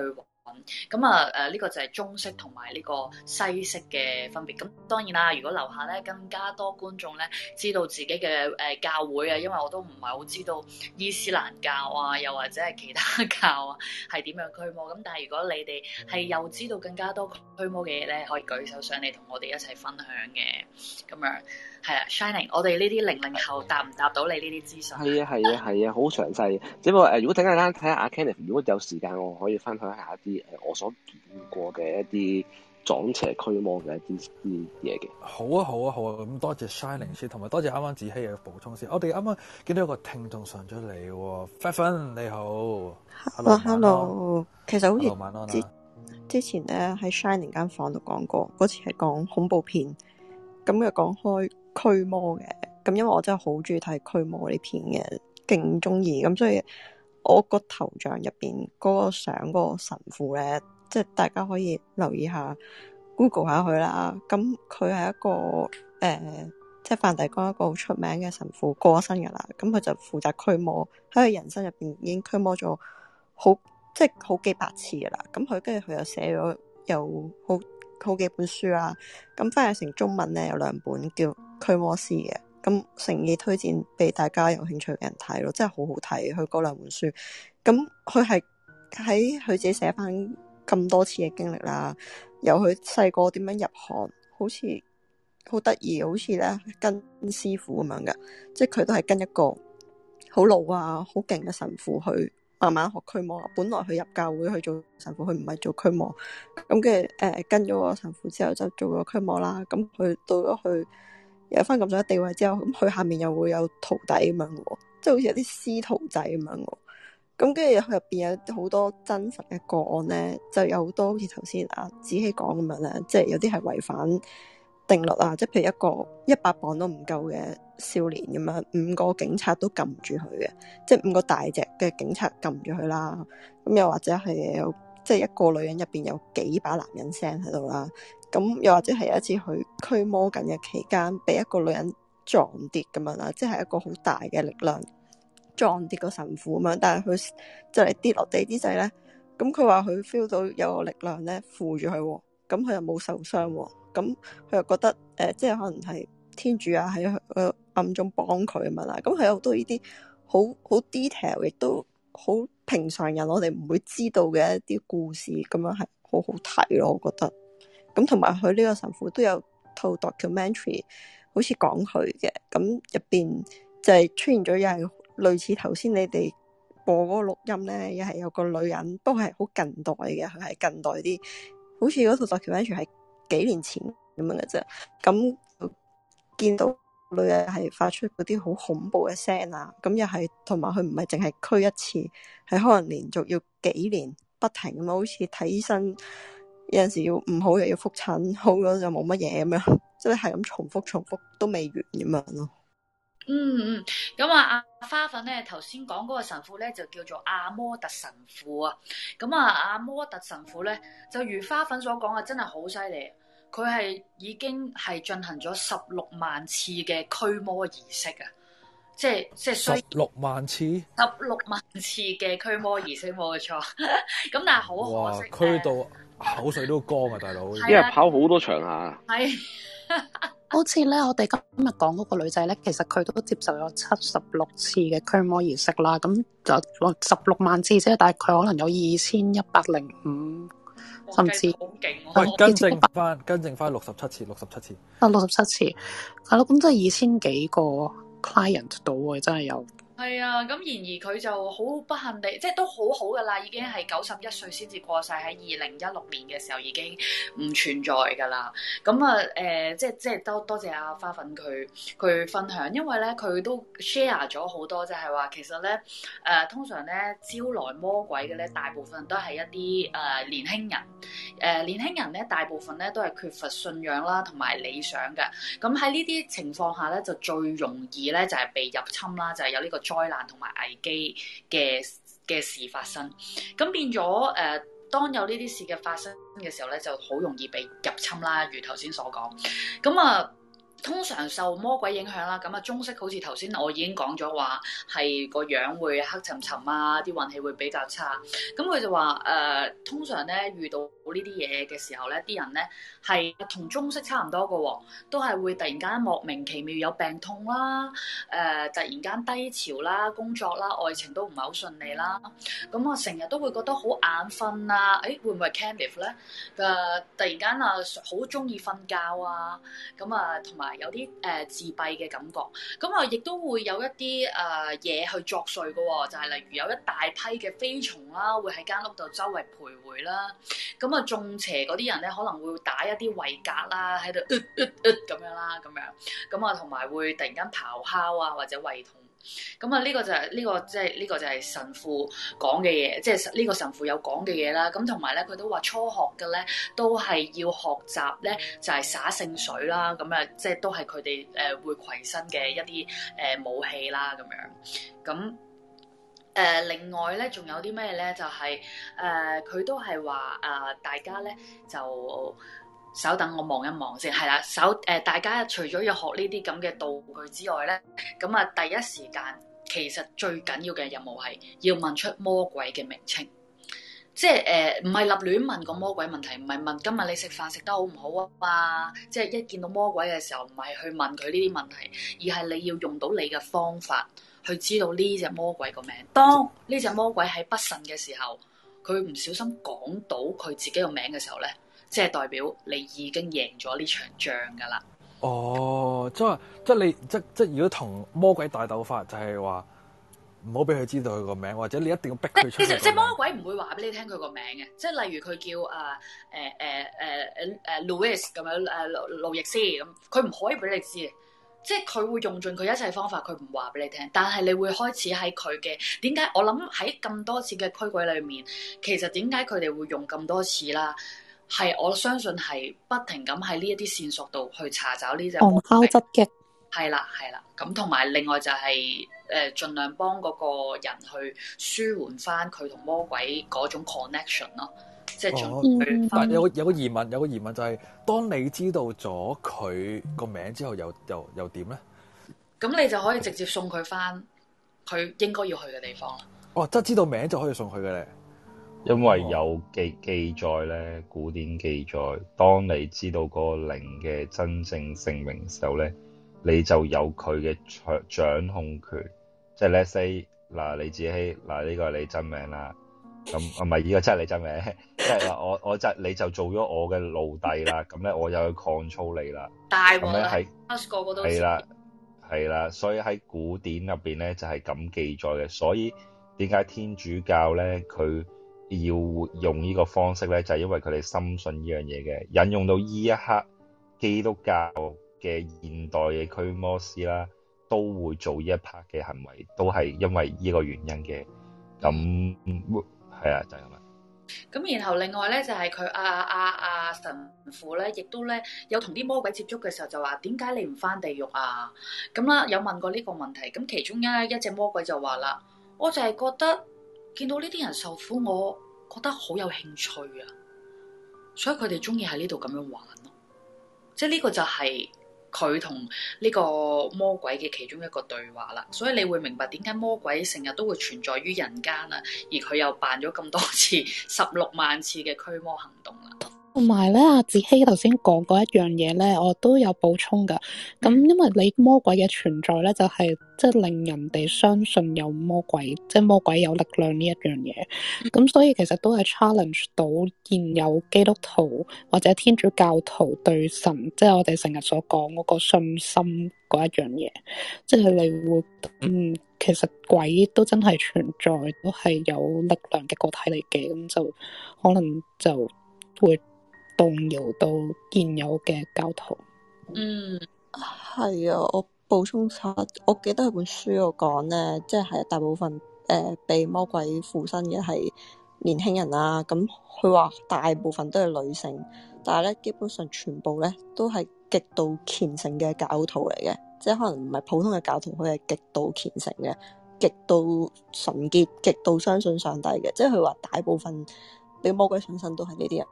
咁啊，誒、嗯，呢、嗯，這個就係中式同埋呢個西式嘅分別。咁、嗯、當然啦，如果樓下咧更加多觀眾咧，知道自己嘅誒、呃、教會啊，因為我都唔係好知道伊斯蘭教啊，又或者係其他教啊係點樣驅魔。咁、嗯、但係如果你哋係又知道更加多驅魔嘅嘢，咧，可以舉手上嚟同我哋一齊分享嘅，咁樣。係啊，Shining，我哋呢啲零零後答唔答到你呢啲資訊？係啊， 係啊，係啊，好詳細。只不過誒，如果睇下睇下 Kenneth，如果有時間，我可以分享一下一啲誒、呃、我所見過嘅一啲撞邪驅魔嘅一啲啲嘢嘅。好啊，好啊，好啊，咁多謝 Shining 先，同埋多謝啱啱子希嘅補充先。我哋啱啱見到一個聽眾上咗嚟，Fifan 你好，hello hello，其實好似，晚安之前咧喺 Shining 間房度講過，嗰次係講恐怖片，咁嘅講開。驅魔嘅，咁，因為我真係好中意睇驅魔呢片嘅，勁中意咁，所以我個頭像入邊嗰個相嗰個神父咧，即係大家可以留意下 Google 下佢啦。咁佢係一個誒、呃，即係梵蒂岡一個好出名嘅神父過咗身噶啦。咁佢就負責驅魔，喺佢人生入邊已經驅魔咗好即係好幾百次噶啦。咁佢跟住佢又寫咗有好好幾本書啊。咁翻譯成中文咧有兩本叫驅魔師嘅，咁誠意推薦俾大家有興趣嘅人睇咯，真係好好睇佢嗰兩本書。咁佢係喺佢自己寫翻咁多次嘅經歷啦，由佢細個點樣入行，好似好得意，好似咧跟師傅咁樣嘅，即係佢都係跟一個好老啊、好勁嘅神父去慢慢學驅魔。本來佢入教會去做神父，佢唔係做驅魔。咁跟住誒跟咗個神父之後就做咗驅魔啦。咁佢到咗去。有翻咁樣嘅地位之後，咁佢下面又會有徒弟咁樣嘅，即係好似有啲師徒仔咁樣。咁跟住入入邊有好多真實嘅個案咧，就有好多好似頭先阿子希講咁樣咧，即係有啲係違反定律啊，即係譬如一個一百磅都唔夠嘅少年咁樣，五個警察都撳唔住佢嘅，即係五個大隻嘅警察撳唔住佢啦。咁又或者係有。即係一個女人入邊有幾把男人聲喺度啦，咁又或者係有一次佢驅魔緊嘅期間，俾一個女人撞跌咁樣啊，即係一個好大嘅力量撞跌個神父咁樣，但係佢就嚟跌落地之際咧，咁佢話佢 feel 到有個力量咧扶住佢，咁佢又冇受傷，咁佢又覺得誒、呃，即係可能係天主啊喺喺暗中幫佢咁啊，咁佢有好多呢啲好好 detail 亦都。好平常人，我哋唔會知道嘅一啲故事咁樣係好好睇咯，我覺得。咁同埋佢呢個神父都有套 documentary，好似講佢嘅。咁入邊就係出現咗又係類似頭先你哋播嗰個錄音咧，又係有個女人，不過係好近代嘅，佢係近代啲，好似嗰套 documentary 係幾年前咁樣嘅啫。咁見到。女嘅係發出嗰啲好恐怖嘅聲啊，咁又係同埋佢唔係淨係驅一次，係可能連續要幾年不停咁，好似睇醫生有陣時要唔好又要復診，好咗就冇乜嘢咁樣，即係係咁重複重複都未完咁樣咯。嗯。嗯嗯，咁啊阿花粉咧頭先講嗰個神父咧就叫做阿摩特神父啊，咁啊阿摩特神父咧就如花粉所講啊，真係好犀利。佢係已經係進行咗十六萬次嘅驅魔儀式啊！即係即係十六萬次，十六萬次嘅驅魔儀式冇錯。咁 但係好可惜，驅到口水都乾 啊！大佬，因為跑好多場啊，係 是。 好似咧，我哋今日講嗰個女仔咧，其實佢都接受咗七十六次嘅驅魔儀式啦。咁就十六萬次，即係大概可能有二千一百零五。甚至唔係喂次跟正翻，跟正翻六十七次，六十七次啊，六十七次係咯，咁即係二千幾個 client 到，真係有。係啊，咁然而佢就好不幸地，即係都好好噶啦，已經係九十一歲先至過世，喺二零一六年嘅時候已經唔存在噶啦。咁啊，誒、呃，即係即係多多謝阿花粉佢佢分享，因為咧佢都 share 咗好多就，就係話其實咧誒、呃、通常咧招來魔鬼嘅咧，大部分都係一啲誒、呃、年輕人，誒、呃、年輕人咧大部分咧都係缺乏信仰啦，同埋理想嘅。咁喺呢啲情況下咧，就最容易咧就係、是、被入侵啦，就係、是、有呢、這個。災難同埋危機嘅嘅事發生，咁變咗誒、呃，當有呢啲事嘅發生嘅時候咧，就好容易被入侵啦，如頭先所講，咁啊。呃通常受魔鬼影響啦，咁啊中式好似頭先我已經講咗話係個樣會黑沉沉啊，啲運氣會比較差。咁佢就話誒、呃、通常咧遇到呢啲嘢嘅時候咧，啲人咧係同中式差唔多嘅、哦，都係會突然間莫名其妙有病痛啦，誒、呃、突然間低潮啦，工作啦，愛情都唔係好順利啦。咁我成日都會覺得好眼瞓啊，誒會唔會係 Candice 咧？誒、呃、突然間啊，好中意瞓覺啊，咁啊同埋。有啲誒、呃、自閉嘅感覺，咁啊亦都會有一啲誒嘢去作祟嘅喎、哦，就係、是、例如有一大批嘅飛蟲啦，會喺間屋度周圍徘徊啦，咁啊中邪啲人咧可能會打一啲胃嗝啦，喺度咁樣啦，咁樣，咁啊同埋會突然間咆哮啊，或者胃痛。咁啊，呢個就係呢個即係呢個就係神父講嘅嘢，即係呢個神父有講嘅嘢啦。咁同埋咧，佢都話初學嘅咧，都係要學習咧，就係灑聖水啦。咁啊，即係都係佢哋誒會攜身嘅一啲誒、呃、武器啦。咁樣咁誒、呃，另外咧仲有啲咩咧？就係、是、誒，佢、呃、都係話誒，大家咧就。稍等我看看，我望一望先。係啦，稍、呃、誒，大家除咗要學呢啲咁嘅道具之外咧，咁、嗯、啊第一時間其實最緊要嘅任務係要問出魔鬼嘅名稱，即係誒唔係立亂問個魔鬼問題，唔係問今日你食飯食得好唔好啊嘛，即、就、係、是、一見到魔鬼嘅時候，唔係去問佢呢啲問題，而係你要用到你嘅方法去知道呢隻魔鬼個名。當呢隻魔鬼喺不慎嘅時候，佢唔小心講到佢自己個名嘅時候咧，即係代表你已經贏咗呢場仗㗎啦！哦，即係即係你即即係如果同魔鬼大鬥法，就係話唔好俾佢知道佢個名，或者你一定要逼佢出。其實即係魔鬼唔會話俾你聽佢個名嘅，即係例如佢叫啊誒誒誒誒 Louis 咁樣誒路易斯咁，佢唔可以俾你知，即係佢會用盡佢一切方法，佢唔話俾你聽。但係你會開始喺佢嘅點解？我諗喺咁多次嘅驅鬼裏面，其實點解佢哋會用咁多次啦？係，我相信係不停咁喺呢一啲線索度去查找呢隻魔鬼。係啦，係啦，咁同埋另外就係、是、誒，盡、呃、量幫嗰個人去舒緩翻佢同魔鬼嗰種 connection 咯，即係將佢。但係有個有個疑問，有個疑問就係、是，當你知道咗佢個名之後又，又又又點咧？咁你就可以直接送佢翻佢應該要去嘅地方啦。哦，即係知道名就可以送佢嘅咧。因為有記記載咧，古典記載。當你知道個靈嘅真正姓名嘅時候咧，你就有佢嘅掌控權，即係 Let's say 嗱李子希嗱呢、啊這個係你真名啦。咁唔係呢個真係你真名，即 係我我就你就做咗我嘅奴隸啦。咁咧我又去抗操你啦，咁咧係個個都係啦係啦，所以喺古典入邊咧就係、是、咁記載嘅。所以點解天主教咧佢？要用呢個方式咧，就係因為佢哋深信呢樣嘢嘅。引用到呢一刻，基督教嘅現代嘅驅魔師啦，都會做呢一 part 嘅行為，都係因為呢個原因嘅。咁，係啊，就係咁啦。咁然後另外咧，就係佢阿阿阿神父咧，亦都咧有同啲魔鬼接觸嘅時候，就話點解你唔返地獄啊？咁啦，有問過呢個問題。咁其中一一隻魔鬼就話啦：我就係覺得，見到呢啲人受苦，我覺得好有興趣啊！所以佢哋鍾意喺呢度咁樣玩咯，即係呢個就係佢同呢個魔鬼嘅其中一個對話啦。所以你會明白點解魔鬼成日都會存在於人間啊，而佢又辦咗咁多次十六萬次嘅驅魔行動啦。同埋咧，阿子希頭先講嗰一樣嘢咧，我都有補充噶。咁因為你魔鬼嘅存在咧，就係即係令人哋相信有魔鬼，即係魔鬼有力量呢一樣嘢。咁所以其實都係 challenge 到現有基督徒或者天主教徒對神，即係我哋成日所講嗰個信心嗰一樣嘢。即係你會，嗯，其實鬼都真係存在，都係有力量嘅個體嚟嘅。咁就可能就會。動搖到現有嘅教徒。嗯，係啊，我補充下，我記得喺本書我講咧，即係大部分誒被魔鬼附身嘅係年輕人啦。咁佢話大部分都係女性，但係咧基本上全部咧都係極度虔誠嘅教徒嚟嘅，即係可能唔係普通嘅教徒，佢係極度虔誠嘅，極度純潔，極度相信上帝嘅。即係佢話大部分俾魔鬼上身都係呢啲人。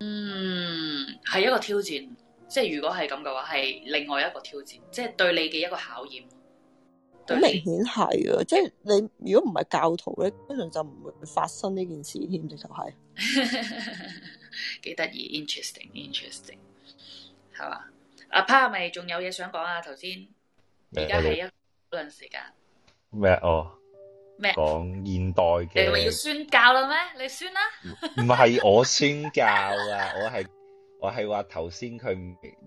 嗯，係一個挑戰，即係如果係咁嘅話，係另外一個挑戰，即係對你嘅一個考驗。好明顯係啊，你 即係你如果唔係教徒咧，通常就唔會發生呢件事添，就係、是。幾得意，interesting，interesting，係嘛？阿 Pa 咪仲有嘢想講啊？頭先而家係一段討論時間。咩哦。Oh. 講現代嘅，你要宣教啦咩？你宣啦、啊？唔 係我宣教啊，我係我係話頭先佢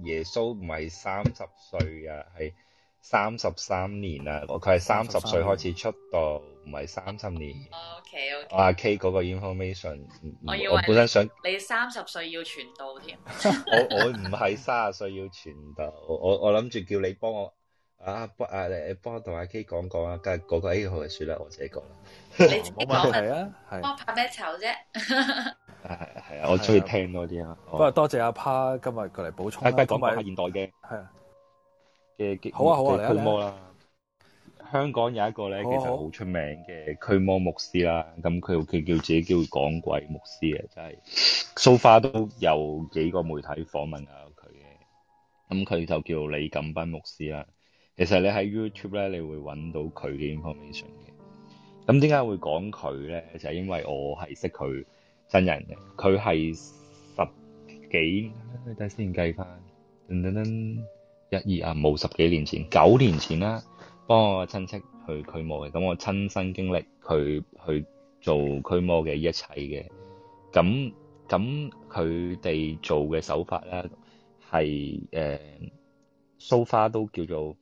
耶穌唔係三十歲啊，係三十三年啊，佢係三十歲開始出道，唔係三十年。O K O K，阿 K 嗰個 information， 我，我本身想你三十歲要傳道添。 我我唔係三十歲要傳道，我我諗住叫你幫我。啊，幫啊，你你幫我同阿 K 講講啊，咁個個 A 號嘅算啦，我自己講啦。 你你講咪係啊，係我怕咩醜啫？係啊，啊，我中意聽多啲啊。不過、哦、多謝阿 p a 今日過嚟補充、啊。誒、啊，不如講下現代嘅係啊嘅好啊好啊，驅、啊、驅魔啦、啊。啊啊、香港有一個咧，其實好出名嘅驅魔牧師啦。咁佢佢叫自己叫港鬼牧師啊，真係 so far 都有幾個媒體訪問下佢嘅。咁佢就叫李錦斌牧師啦。其實你喺 YouTube 咧，你會揾到佢嘅 information 嘅。咁點解會講佢咧？就係因為我係識佢真人嘅。佢係十幾，等先計翻，噔噔噔，一二啊，冇十幾年前，九年前啦，幫我親戚去驅魔嘅。咁我親身經歷佢去做驅魔嘅一切嘅。咁咁佢哋做嘅手法咧，係誒，呃，so far 都叫做。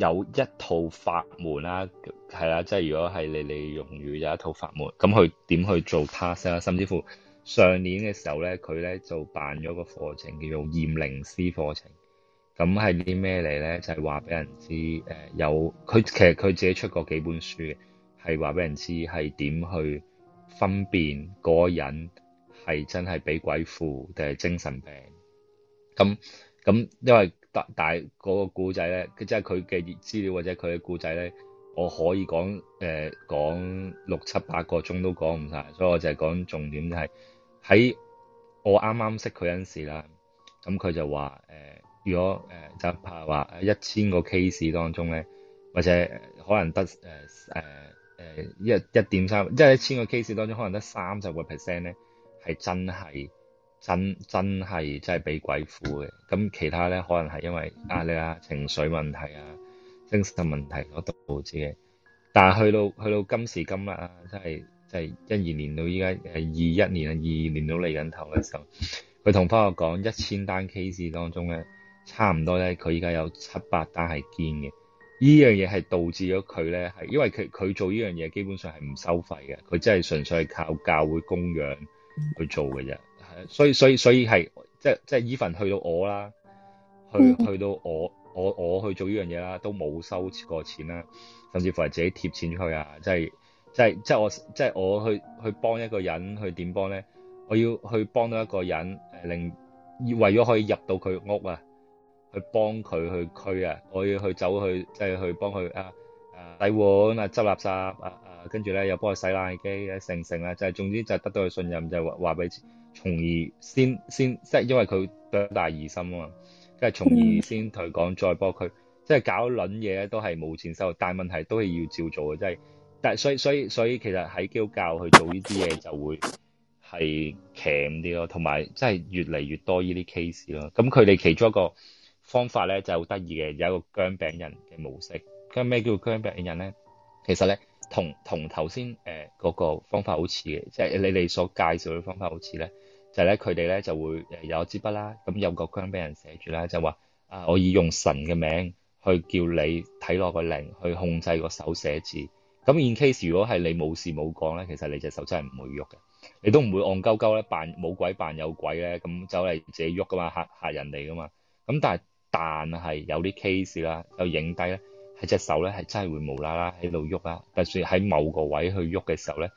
有一套法門啦、啊，係啦、啊，即係如果係你你用語有一套法門，咁佢點去做 task 啦？甚至乎上年嘅時候咧，佢咧就辦咗個課程，叫做驗靈師課程。咁係啲咩嚟咧？就係話俾人知，誒、呃、有佢其實佢自己出過幾本書嘅，係話俾人知係點去分辨嗰個人係真係俾鬼附定係精神病。咁咁因為但大嗰個故仔咧，即係佢嘅資料或者佢嘅故仔咧，我可以講誒、呃、講六七八個鐘都講唔晒。所以我就係講重點、就係，剛剛就係喺我啱啱識佢嗰陣時啦，咁佢就話誒，如果誒、呃、就譬如話一千個 case 當中咧，或者可能得誒誒誒一一點三，即係一千個 case 當中可能得三十個 percent 咧，係真係。真真係真係俾鬼附嘅，咁其他咧可能係因為壓力啊，啊、情緒問題啊、精神問題所導致嘅。但係去到去到今時今日啊，真係真係一二年到依家係二一年啊，二二年到嚟緊頭嘅時候，佢同返我講，一千單 case 當中咧，差唔多咧，佢依家有七八單係堅嘅。呢樣嘢係導致咗佢咧，係因為佢佢做呢樣嘢基本上係唔收費嘅，佢真係純粹係靠教會供養去做嘅啫。所以，所以，所以係即係即係 e 去到我啦，去去到我我我去做呢樣嘢啦，都冇收過錢啦、啊，甚至乎係自己貼錢出去啊！即係即係即係我即係我去去幫一個人去點幫咧？我要去幫到一個人，令為咗可以入到佢屋啊，去幫佢去區啊，我要去走去即係去幫佢啊！洗碗啊，執垃圾啊啊，跟住咧又幫佢洗冷氣機、啊、成成啦、啊，就係總之就係得到佢信任，就係話話俾。從而先先即係因為佢長大疑心啊嘛，即係從而先同佢講 再幫佢，即係搞卵嘢咧都係冇錢收，但係問題都係要照做嘅，即係但係所以所以所以其實喺基督教去做呢啲嘢就會係騎咁啲咯，同埋即係越嚟越多呢啲 case 咯。咁佢哋其中一個方法咧就好得意嘅，有一個姜餅人嘅模式。咁咩叫姜餅人咧？其實咧。同同頭先誒嗰個方法好似嘅，即係你哋所介紹嘅方法好似咧，就係咧佢哋咧就會誒有支筆啦，咁有個框俾人寫住啦，就話啊我以用神嘅名去叫你睇落個靈去控制個手寫字。咁 in case 如果係你冇事冇講咧，其實你隻手真係唔會喐嘅，你都唔會戇鳩鳩咧扮冇鬼扮有鬼咧，咁走嚟自己喐噶嘛嚇嚇人哋噶嘛。咁但係但係有啲 case 啦，有影低咧。係隻手咧，係真係會無啦啦喺度喐啊，就算喺某個位去喐嘅時候咧，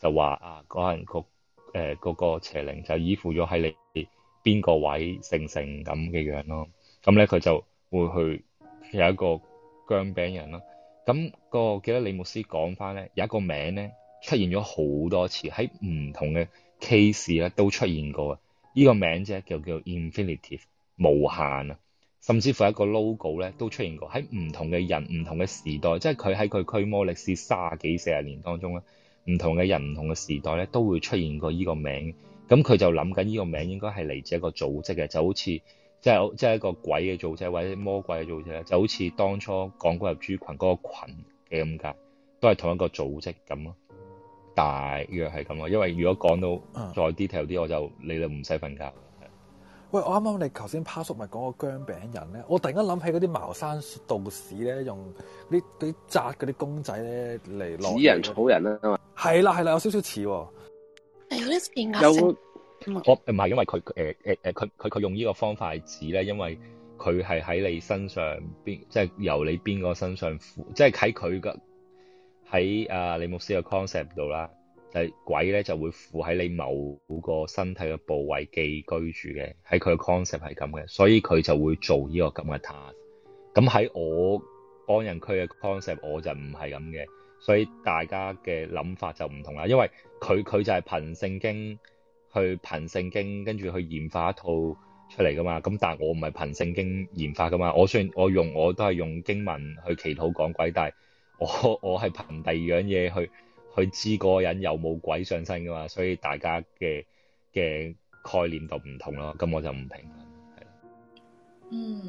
就話啊嗰人個誒嗰、呃那個、邪靈就依附咗喺你邊個位，成成咁嘅樣咯。咁咧佢就會去有一個姜餅人啦。咁、嗯那個記得李牧師講翻咧，有一個名咧出現咗好多次，喺唔同嘅 case 咧都出現過。呢、這個名啫，就叫，叫做 Infinite 無限啊。甚至乎一個 logo 咧都出現過喺唔同嘅人、唔同嘅時代，即係佢喺佢驅魔歷史卅幾四十年當中咧，唔同嘅人、唔同嘅時代咧都會出現過呢個名。咁、嗯、佢就諗緊呢個名應該係嚟自一個組織嘅，就好似即係即係一個鬼嘅組織或者魔鬼嘅組織咧，就好似當初講鬼入豬群嗰、嗰個羣嘅咁解，都係同一個組織咁咯，大約係咁咯。因為如果講到再 detail 啲，我就你哋唔使瞓覺。喂，我啱啱你頭先，趴叔咪講個姜餅人咧，我突然間諗起嗰啲茅山道士咧，用啲啲紮嗰啲公仔咧嚟指人草人啦、啊、嘛，係啦，係啦，有少少似，有我唔係因為佢誒誒誒，佢佢佢用呢個方法指咧，因為佢係喺你身上邊，即係由你邊個身上負，即係喺佢嘅喺啊李牧師嘅 concept 度啦。就鬼咧就會附喺你某個身體嘅部位寄居住嘅，喺佢嘅 concept 係咁嘅，所以佢就會做呢個咁嘅 task。咁喺我幫人區嘅 concept，我就唔係咁嘅，所以大家嘅諗法就唔同啦。因為佢佢就係憑聖經去憑聖經，跟住去研發一套出嚟噶嘛。咁但係我唔係憑聖經研發噶嘛，我雖然我用我都係用經文去祈禱講鬼，但係我我係憑第二樣嘢去。去知嗰個人有冇鬼上身噶嘛，所以大家嘅嘅概念就唔同咯。咁我就唔評論，係啦。嗯，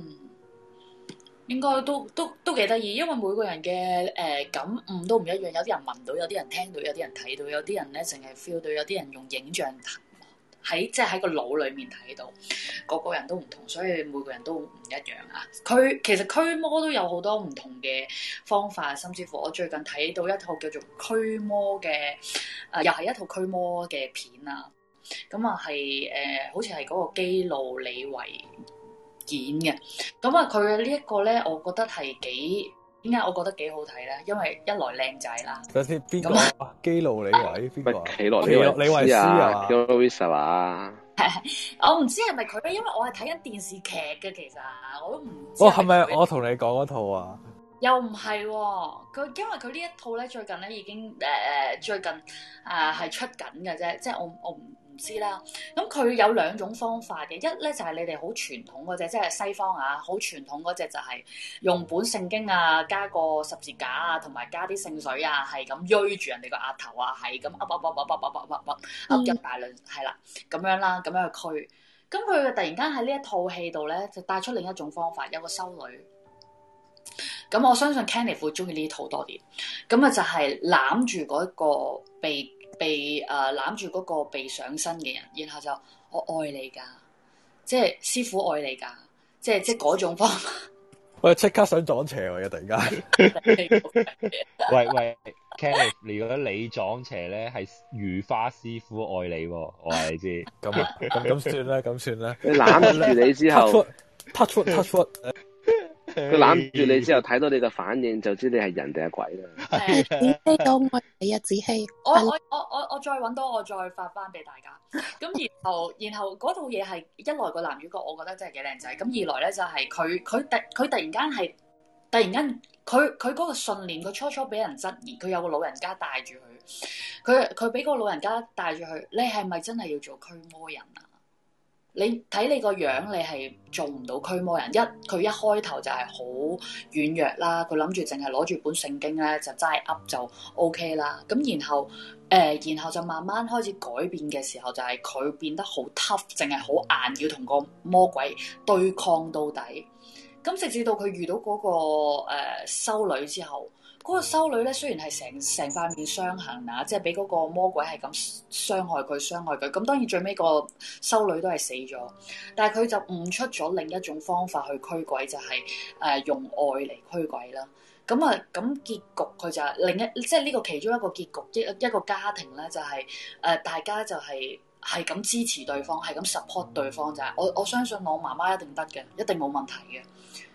應該都都都幾得意，因為每個人嘅誒、呃、感悟都唔一樣。有啲人聞到，有啲人聽到，有啲人睇到，有啲人咧淨係 feel 到，有啲人用影像睇。喺即係喺個腦裏面睇到，個個人都唔同，所以每個人都唔一樣啊。驅其實驅魔都有好多唔同嘅方法，甚至乎我最近睇到一套叫做《驅魔》嘅，誒又係一套驅魔嘅片啊。咁啊係誒，好似係嗰個基路李維演嘅。咁、嗯、啊，佢、嗯、呢一個咧，我覺得係幾。點解我覺得幾好睇咧？因為一來靚仔啦，等先邊個奇洛李維斯，邊個奇洛李維斯啊？奇洛李維斯路啊？我唔知係咪佢，因為我係睇緊電視劇嘅，其實我都唔知。哦，係咪我同你講嗰套啊？ 又唔係佢，因為佢呢一套咧、呃，最近咧已經誒，最近誒係出緊嘅啫，即係我我唔。知啦，咁佢有兩種方法嘅，一咧就係、是，你哋好傳統嗰隻，即係西方啊，好傳統嗰隻就係用本聖經啊，加個十字架啊，同埋加啲聖水啊，係咁 q 住人哋個額頭啊，係咁噏噏噏噏噏噏噏入大量，係啦、嗯，咁樣啦，咁樣去驅，咁佢突然間喺呢一套戲度咧，就帶出另一種方法，有個修女，咁我相信 Kenny 會中意呢套多啲，咁啊就係攬住嗰個被。被誒攬住嗰個被上身嘅人，然後就我愛你㗎，即係師傅愛你㗎，即係即係嗰種方法。喂，即刻想撞邪啊！突然間， 喂喂 k e n l y 如果你撞邪咧，係如花師傅愛你喎，啊，我話你知，咁咁咁算啦，咁算啦。 你攬住你之後。 佢攬住你之後，睇到你嘅反應就知你係人定係鬼啦。係呢個我第一子氣，我我我我再揾多我再發翻俾大家。咁然後 然後嗰套嘢係一來個男主角，我覺得真係幾靚仔。咁二來咧就係佢佢突佢突然間係突然間佢佢嗰個信念，佢初初俾人質疑。佢有個老人家帶住佢，佢佢俾個老人家帶住佢，你係咪真係要做驅魔人啊？你睇你個樣，你係做唔到驅魔人。一佢一開頭就係好軟弱啦，佢諗住淨係攞住本聖經咧就齋噏就 O K 啦。咁然後誒、呃，然後就慢慢開始改變嘅時候，就係、是、佢變得好 tough，淨係好硬，要同個魔鬼對抗到底。咁直至到佢遇到嗰、那個誒、呃、修女之後。嗰個修女咧，雖然係成成塊面傷痕啊，即係俾嗰個魔鬼係咁傷害佢、傷害佢。咁當然最尾個修女都係死咗，但係佢就悟出咗另一種方法去驅鬼，就係、是、誒、呃、用愛嚟驅鬼啦。咁啊，咁結局佢就係另一即係呢個其中一個結局，一一個家庭咧就係、是、誒、呃、大家就係係咁支持對方，係咁 support 對方就係、是、我我相信我媽媽一定得嘅，一定冇問題嘅。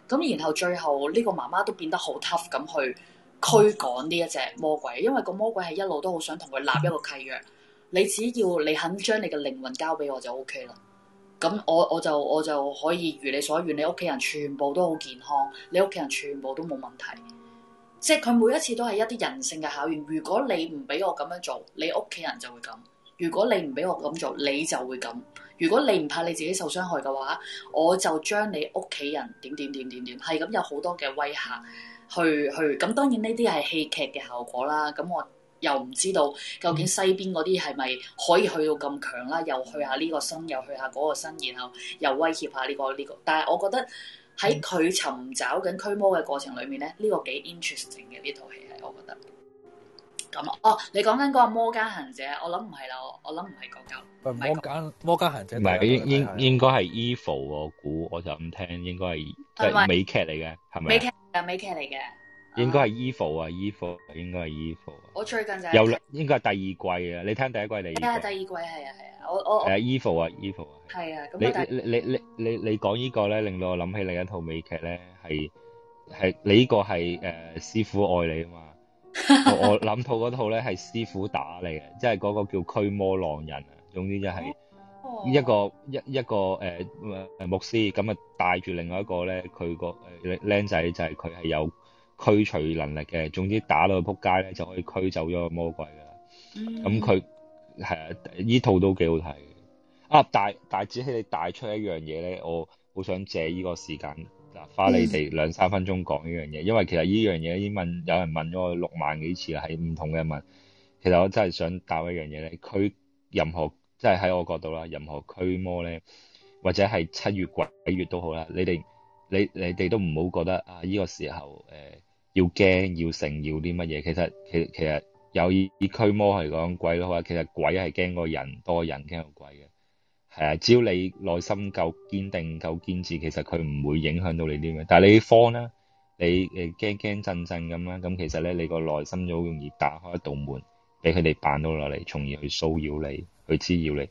咁然後最後呢、這個媽媽都變得好 tough 咁去，驅趕呢一隻魔鬼，因為個魔鬼係一路都好想同佢立一個契約。你只要你肯將你嘅靈魂交俾我就 OK 啦。咁我我就我就可以如你所願，你屋企人全部都好健康，你屋企人全部都冇問題。即係佢每一次都係一啲人性嘅考驗。如果你唔俾我咁樣做，你屋企人就會咁；如果你唔俾我咁做，你就會咁。如果你唔怕你自己受傷害嘅話，我就將你屋企人點點點點點。係咁，有好多嘅威嚇。去去咁，當然呢啲係戲劇嘅效果啦。咁我又唔知道究竟西邊嗰啲係咪可以去到咁強啦？又去下呢個身，又去下嗰個身，然後又威脅下呢、這個呢、這個。但係我覺得喺佢尋找緊驅魔嘅過程裡面咧，呢、這個幾 interesting 嘅呢套戲係我覺得咁哦、啊，你講緊嗰個魔家行者，我諗唔係啦。我我諗唔係嗰個。魔家魔家行者唔係應應應該係 Evil。我估我就唔聽，應該係係美劇嚟嘅，係咪？係美劇嚟嘅，應該係 Evil 啊，Evil 應該係 Evil。我最近就又應該係第二季啊！你聽第一季定？聽係第二季係啊係啊！我我誒，Evil 啊，Evil 係啊。咁但你你你你你講依個咧，令到我諗起另一套美劇咧，係係你呢個係誒，師傅愛你啊嘛！我我諗套嗰套咧係師傅打你啊，即係嗰個叫驅魔狼人啊！總之就係。一個一一個誒誒、呃、牧師咁啊，就帶住另外一個咧，佢個誒僆仔就係佢係有驅除能力嘅。總之打到佢仆街咧，就可以驅走咗個魔鬼啦。咁佢係啊，依、嗯、套都幾好睇。啊，帶帶只係帶出一樣嘢咧，我好想借呢個時間嗱，花你哋兩三分鐘講呢樣嘢，嗯、因為其實呢樣嘢已經問有人問咗我六萬幾次啦，係唔同嘅問。其實我真係想答一樣嘢咧，佢任何。即係喺我角度啦，任何驅魔咧，或者係七月鬼月都好啦，你哋你你哋都唔好覺得啊！依、這個時候誒、呃、要驚要誠要啲乜嘢？其實其實其實有以驅魔嚟講鬼嘅話，其實鬼係驚過人多，人驚過鬼嘅。係啊，只要你內心夠堅定夠堅持，其實佢唔會影響到你啲嘅。但係你慌啦，你誒驚驚震震咁啦，咁、呃嗯、其實咧你個內心就好容易打開一道門，俾佢哋闖到落嚟，從而去騷擾你。佢滋擾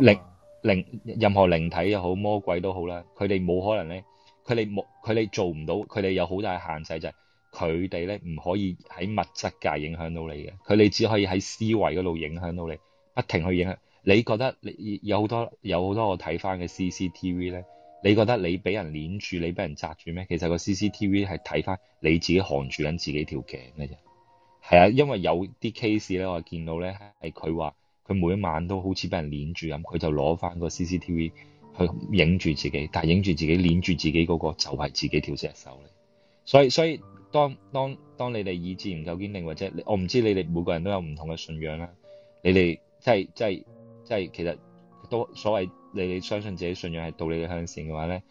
你靈靈任何靈體又好，魔鬼都好啦。佢哋冇可能咧，佢哋冇，佢哋做唔到，佢哋有好大限制就係佢哋咧唔可以喺物質界影響到你嘅。佢哋只可以喺思維嗰度影響到你，不停去影響。你覺得你有好多有好多我睇翻嘅 C C T V 咧？你覺得你俾人綁住，你俾人紮住咩？其實個 C C T V 係睇翻你自己行住緊自己條頸嘅啫。係啊，因為有啲 case 咧，我見到咧係佢話。佢每一晚都好似俾人捏住咁，佢就攞翻個 CCTV 去影住自己，但係影住自己捏住自己嗰個就係自己條隻手嚟。所以所以，當當當你哋意志唔夠堅定，或者我唔知你哋每個人都有唔同嘅信仰啦，你哋即係即係即係，其實都所謂你哋相信自己信仰係道理嘅向善嘅話咧，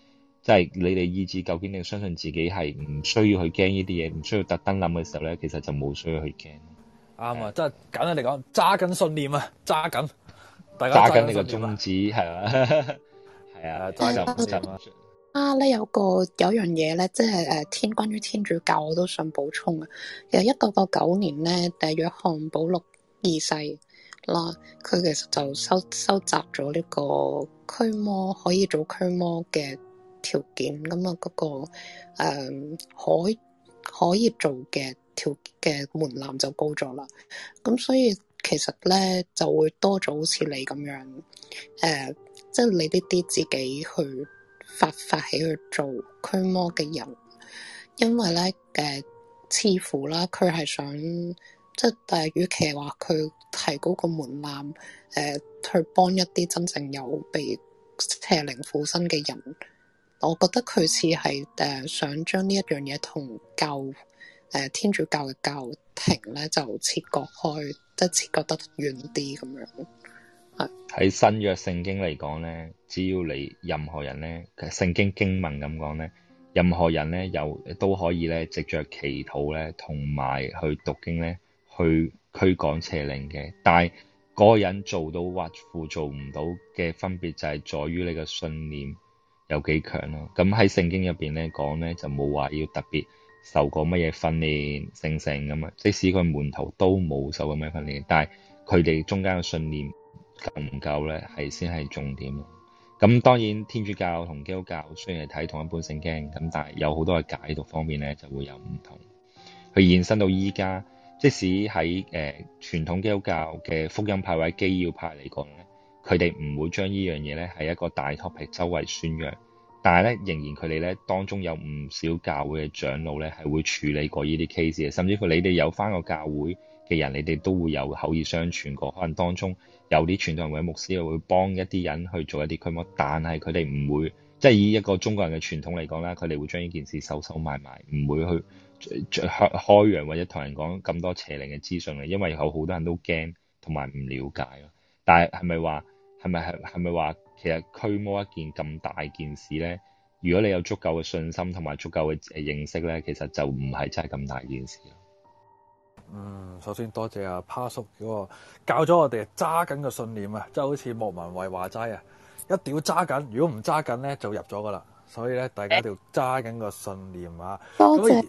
即係你哋意志夠堅定，相信自己係唔需要去驚呢啲嘢，唔需要特登諗嘅時候咧，其實就冇需要去驚。啱啊！即係簡單嚟講，揸緊信念啊，揸緊，大家揸緊呢個宗旨係 啊，係 啊，揸緊、啊啊。啊咧，有個有樣嘢咧，即係誒，天關於天主教，我都想補充嘅。由一九九九年咧，第約翰保祿二世啦，佢、啊、其實就收收集咗呢個驅魔可以做驅魔嘅條件，咁、嗯那個、啊嗰個誒可可以做嘅。條嘅門檻就高咗啦，咁所以其實咧就會多咗好似你咁樣誒，即、呃、係、就是、你呢啲自己去發發起去做驅魔嘅人，因為咧誒似乎啦，佢係想即係，但、呃、係與其話佢提高個門檻誒、呃，去幫一啲真正有被邪靈附身嘅人，我覺得佢似係誒、呃、想將呢一樣嘢同救。誒天主教嘅教廷咧，就切割開，即係切割得遠啲咁樣。係喺新約聖經嚟講咧，只要你任何人咧，聖經經文咁講咧，任何人咧有都可以咧，藉着祈禱咧，同埋去讀經咧，去驅趕邪靈嘅。但係嗰個人做到或輔做唔到嘅分別，就係在於你嘅信念有幾強咯、啊。咁喺聖經入邊咧講咧，就冇話要特別。受過乜嘢訓練，性性咁啊！即使佢門徒都冇受過咁樣訓練，但係佢哋中間嘅信念夠唔夠咧，係先係重點咯。咁當然，天主教同基督教雖然係睇同一本聖經，咁但係有好多嘅解讀方面咧就會有唔同。佢延伸到依家，即使喺誒、呃、傳統基督教嘅福音派或者基要派嚟講咧，佢哋唔會將呢樣嘢咧係一個大 topic 周圍宣揚。但係咧，仍然佢哋咧當中有唔少教會嘅長老咧，係會處理過呢啲 case 嘅，甚至乎你哋有翻個教會嘅人，你哋都會有口耳相傳過。可能當中有啲傳統人或者牧師會幫一啲人去做一啲驅魔，但係佢哋唔會即係以一個中國人嘅傳統嚟講啦，佢哋會將呢件事收收埋埋，唔會去開開揚或者同人講咁多邪靈嘅資訊嘅，因為有好多人都驚同埋唔了解咯。但係係咪話係咪係係咪話？是其實驅魔一件咁大件事咧，如果你有足夠嘅信心同埋足夠嘅認識咧，其實就唔係真係咁大件事咯。嗯，首先多謝阿、啊、趴叔叫我教咗我哋揸緊嘅信念啊，即係好似莫文蔚話齋啊，一定要揸緊，如果唔揸緊咧，就入咗噶啦。所以咧，大家要揸緊個信念啊！多謝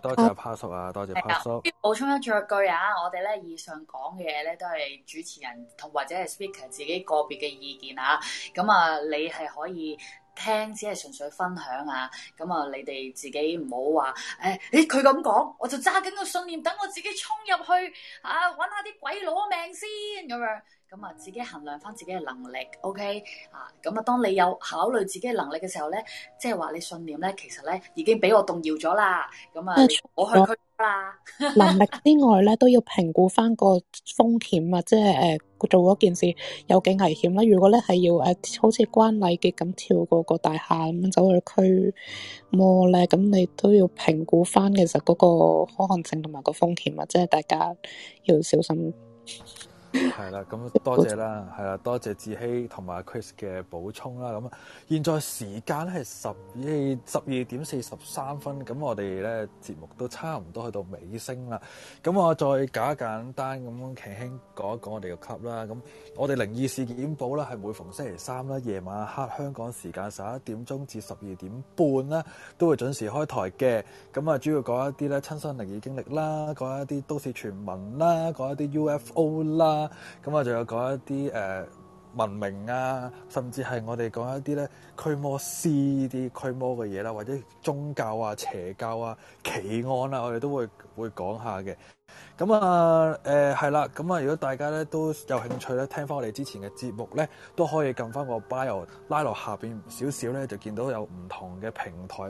多謝阿 pas 叔啊，多謝 pas 叔。補充一隻句啊，我哋咧以上講嘅嘢咧都係主持人同或者係 speaker 自己個別嘅意見啊。咁啊，你係可以聽，只係純粹分享啊。咁啊，你哋自己唔好話誒，誒佢咁講，我就揸緊個信念，等我自己衝入去啊，揾下啲鬼攞命先，咁樣。咁啊，自己衡量翻自己嘅能力，OK 啊？咁啊，當你有考慮自己嘅能力嘅時候咧，即係話你信念咧，其實咧已經俾我動搖咗，啊、除了 啦。咁啊，我去驅魔啦。能力之外咧，都要評估翻個風險啊，即係誒做嗰件事有幾危險啦。如果咧係要誒，呃，好似關禮傑咁跳過個大廈咁走去驅魔咧，咁你都要評估翻其實嗰個可行性同埋個風險啊，即係大家要小心。係啦，咁多謝啦，係啦，多謝志希同埋 Chris 嘅補充啦。咁現在時間咧係十二十二點四十三分，咁我哋咧節目都差唔多去到尾聲啦。咁我再簡簡單咁輕輕講一講我哋個 club 啦。咁我哋靈異事件簿咧係每逢星期三啦，夜晚黑香港時間十一點鐘至十二點半咧都會準時開台嘅。咁啊，主要講一啲咧親身靈異經歷啦，講一啲都市傳聞啦，講一啲 UFO 啦。咁啊，仲有講一啲誒、呃、文明啊，甚至係我哋講一啲咧驅魔師啲驅魔嘅嘢啦，或者宗教啊、邪教啊、奇案啊，我哋都會會講下嘅。咁啊誒係、呃、啦，咁啊如果大家咧都有興趣咧聽翻我哋之前嘅節目咧，都可以撳翻個 bio 拉落下邊少少咧，就見到有唔同嘅平台。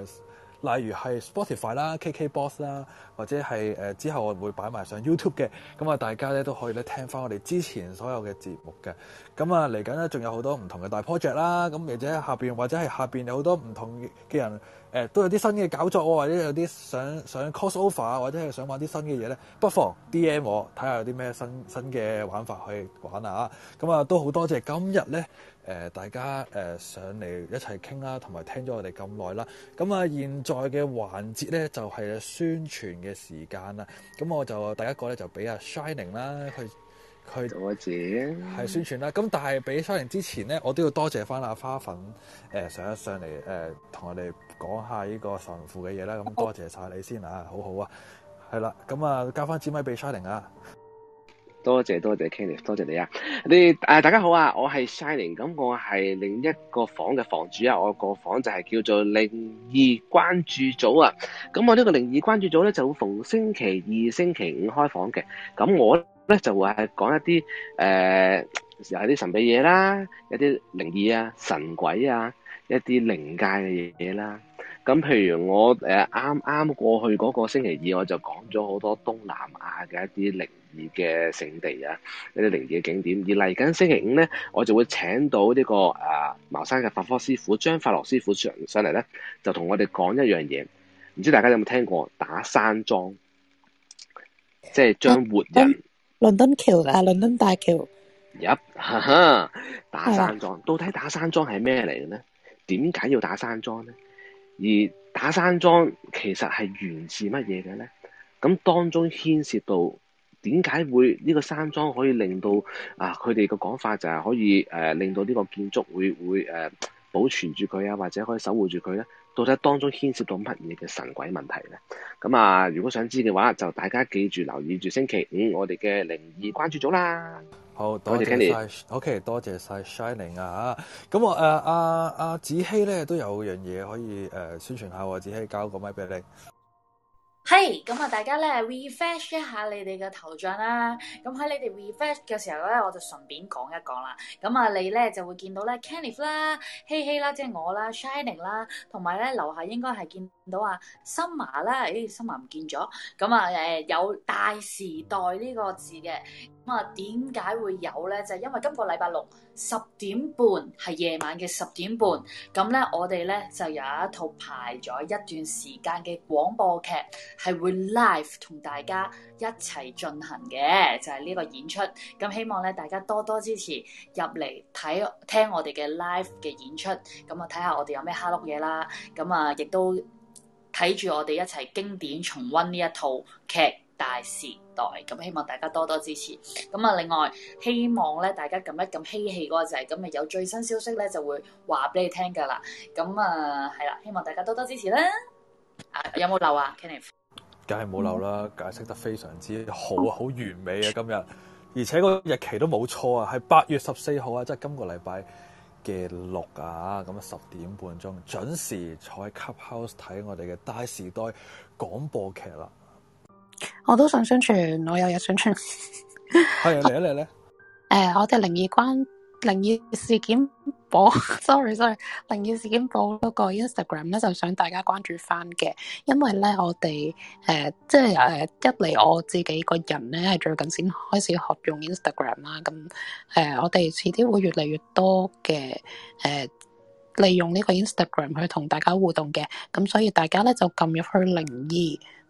例如係 Spotify 啦、KKBox 啦，或者係誒之後我會擺埋上 YouTube 嘅，咁啊大家咧都可以咧聽翻我哋之前所有嘅節目嘅。咁啊嚟緊咧仲有好多唔同嘅大 project 啦，咁而且下邊或者係下邊有好多唔同嘅人，誒都有啲新嘅搞作或者有啲想想 cross over 啊，或者係想玩啲新嘅嘢咧，不妨 DM 我睇下有啲咩新新嘅玩法可以玩啊！咁啊，都好多謝今日咧誒大家誒上嚟一齊傾啦，同埋聽咗我哋咁耐啦，咁啊現在嘅環節咧就係宣傳嘅時間啦，咁我就第一個咧就俾阿 Shining 啦佢。佢係宣傳啦，咁但係俾 Shining 之前咧，我都要多謝翻阿花粉誒、呃，上一上嚟，誒、同、呃、我哋講下呢個神父嘅嘢啦，咁、嗯、多謝晒你先啊，好好啊，係啦，咁、嗯、啊交翻支咪俾 Shining 啊，多謝多謝 Kenny 多謝你啊，你誒、啊、大家好啊，我係 Shining，咁我係另一個房嘅房主啊，我個房就係叫做靈異關注組啊，咁我呢個靈異關注組咧、啊，就會逢星期二、星期五開房嘅，咁我。咧就話係講一啲誒、呃，有啲神秘嘢啦，一啲靈異啊、神鬼啊，一啲靈界嘅嘢啦。咁譬如我誒啱啱過去嗰個星期二，我就講咗好多東南亞嘅一啲靈異嘅聖地啊，一啲靈異嘅景點。而嚟緊星期五咧，我就會請到呢、這個誒、啊、茅山嘅法科師傅張法樂師傅上上嚟咧，就同我哋講一樣嘢。唔知大家有冇聽過打山莊，即係將活人、啊。啊倫敦橋啊，倫敦大橋入，Yep. 打山莊，到底打山莊係咩嚟嘅呢？點解要打山莊呢？而打山莊其實係源自乜嘢嘅呢？咁當中牽涉到點解會呢個山莊可以令到啊？佢哋嘅講法就係可以誒、呃，令到呢個建築會會誒、呃、保存住佢啊，或者可以守護住佢呢？到底當中牽涉到乜嘢嘅神鬼問題咧？咁啊，如果想知嘅話，就大家記住留意住星期五我哋嘅靈異關注組啦。好，多謝 Kenny。OK，多謝晒 Shining 啊！咁我誒阿阿子希咧都有樣嘢可以誒、啊、宣傳下喎。子希，交個咪俾你。係，咁啊，大家咧 refresh 一下你哋嘅頭像啦。咁喺你哋 refresh 嘅時候咧，我就順便講一講啦。咁啊，你咧就會見到咧 Kenneth 啦，希希 Hey Hey, 啦，即係我啦，Shining 啦，同埋咧樓下應該係見到啊，Suma 啦，咦，Suma 唔見咗。咁啊，誒、呃、有大時代呢個字嘅。咁啊，點解會有咧？就係、是、因為今個禮拜六十點半係夜晚嘅十點半，咁咧我哋咧就有一套排咗一段時間嘅廣播劇，係會 live 同大家一齊進行嘅，就係、是、呢個演出。咁希望咧大家多多支持入嚟睇聽我哋嘅 live 嘅演出，咁啊睇下我哋有咩蝦碌嘢啦。咁啊，亦都睇住我哋一齊經典重温呢一套劇大時代咁，希望大家多多支持。咁啊，另外希望咧，大家咁一咁嬉氣嗰個掣，咁、就、咪、是、有最新消息咧，就會話俾你聽噶啦。咁啊，係啦，希望大家多多支持啦。啊，有冇漏啊，Kenneth？梗係冇漏啦，嗯、解釋得非常之好，好完美啊！今日而且個日期都冇錯啊，係八月十四號啊，即係今個禮拜嘅六啊。咁啊，十點半鐘準時坐喺 clubhouse 睇我哋嘅大時代廣播劇啦。我都想宣傳，我有嘢宣傳係嚟一嚟咧。誒，我哋靈異關靈異事件簿 ，sorry sorry，靈異事件簿嗰個 Instagram 咧，就想大家關注翻嘅，因為咧我哋誒、呃、即係誒、呃、一嚟我自己個人咧係最近先開始學用 Instagram 啦，咁、呃、誒我哋遲啲會越嚟越多嘅誒、呃、利用呢個 Instagram 去同大家互動嘅，咁所以大家咧就撳入去靈異。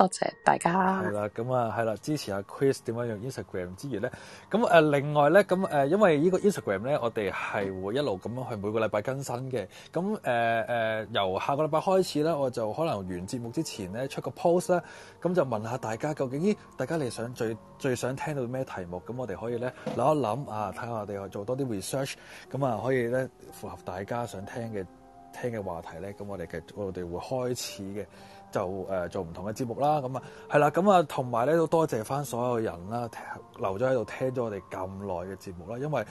多謝大家。係啦，咁啊，係啦，支持下 Chris 點樣用 Instagram 之餘咧，咁誒另外咧，咁誒因為呢個 Instagram 咧，我哋係會一路咁樣去每個禮拜更新嘅。咁誒誒，由下個禮拜開始咧，我就可能完節目之前咧出個 post 啦。咁就問下大家究竟家咦，大家你想最最想聽到咩題目？咁我哋可以咧諗一諗啊，睇下我哋做多啲 research，咁啊可以咧符合大家想聽嘅聽嘅話題咧，咁我哋嘅我哋會開始嘅。就誒、呃、做唔同嘅節目啦，咁啊係啦，咁啊同埋咧都多謝翻所有人啦，留咗喺度聽咗我哋咁耐嘅節目啦，因為誒、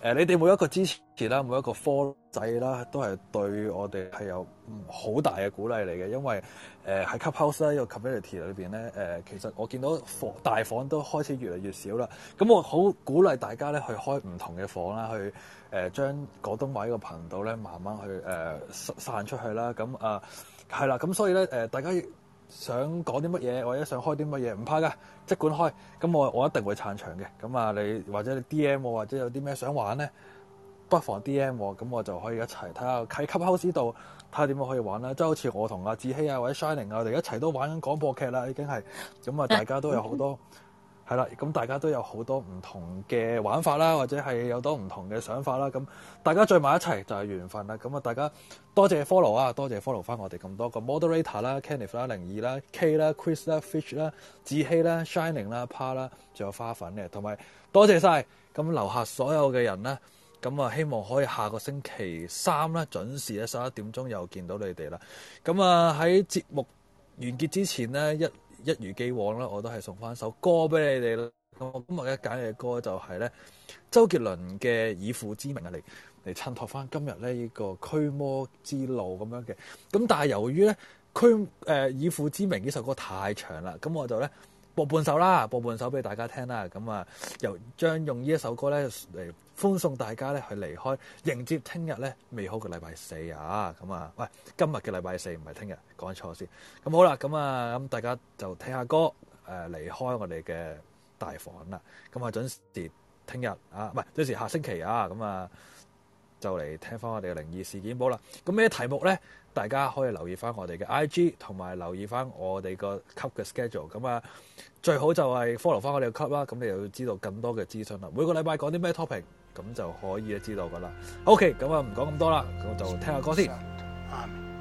呃、你哋每一個支持啦，每一個科仔啦，都係對我哋係有好大嘅鼓勵嚟嘅，因為誒喺、呃、Clubhouse 個裡呢個 Community 裏邊咧，誒、呃、其實我見到房大房都開始越嚟越少啦，咁我好鼓勵大家咧去開唔同嘅房啦，去誒、呃、將廣東話呢個頻道咧慢慢去誒、呃、散出去啦，咁、嗯、啊～、呃係啦，咁所以咧，誒、呃、大家想講啲乜嘢，或者想開啲乜嘢，唔怕噶，即管開，咁我我一定會撐場嘅。咁啊，你或者你 D.M 我，或者有啲咩想玩咧，不妨 D.M 我，咁我就可以一齊睇下 Clubhouse 度睇下點樣可以玩啦。即、就、係、是、好似我同阿志希啊，或者 Shining 啊，我哋一齊都玩緊廣播劇啦，已經係，咁啊，大家都有好多。 係啦，咁、嗯、大家都有好多唔同嘅玩法啦，或者係有多唔同嘅想法啦。咁大家聚埋一齊就係緣分啦。咁啊，大家多謝 follow 啊，多謝 follow 翻我哋咁多個 moderator 啦，Kenneth 啦，零二啦，K 啦，Chris 啦，Fish 啦，志希啦，Shining 啦，Part 啦，仲有花粉嘅，同埋多謝晒。咁樓下所有嘅人啦。咁啊，希望可以下個星期三啦，準時喺十一點鐘又見到你哋啦。咁啊喺節目完結之前呢，一。一如既往啦，我都係送翻首歌俾你哋啦。咁今日一揀嘅歌就係、是、咧周杰倫嘅《以父之名》啊，嚟嚟襯托翻今日咧呢個驅魔之路咁樣嘅。咁但係由於咧《驅》誒、呃《以父之名》呢首歌太長啦，咁我就咧。播半首啦，播半首俾大家聽啦，咁啊，又將用呢一首歌咧嚟歡送大家咧去離開，迎接聽日咧美好嘅禮拜四啊！咁啊，喂，今日嘅禮拜四唔係聽日，講錯先。咁好啦，咁啊，咁大家就聽下歌，誒，離開我哋嘅大房啦。咁啊，準時聽日啊，唔係準時下星期啊，咁啊。就嚟聽翻我哋嘅靈異事件簿啦。咁咩題目咧？大家可以留意翻我哋嘅 IG，同埋留意翻我哋個級嘅 schedule。咁啊，最好就係 follow 翻我哋個級啦。咁你又要知道更多嘅資訊啦。每個禮拜講啲咩 topic，咁就可以知道噶啦。OK，咁啊唔講咁多啦，咁就聽下歌先。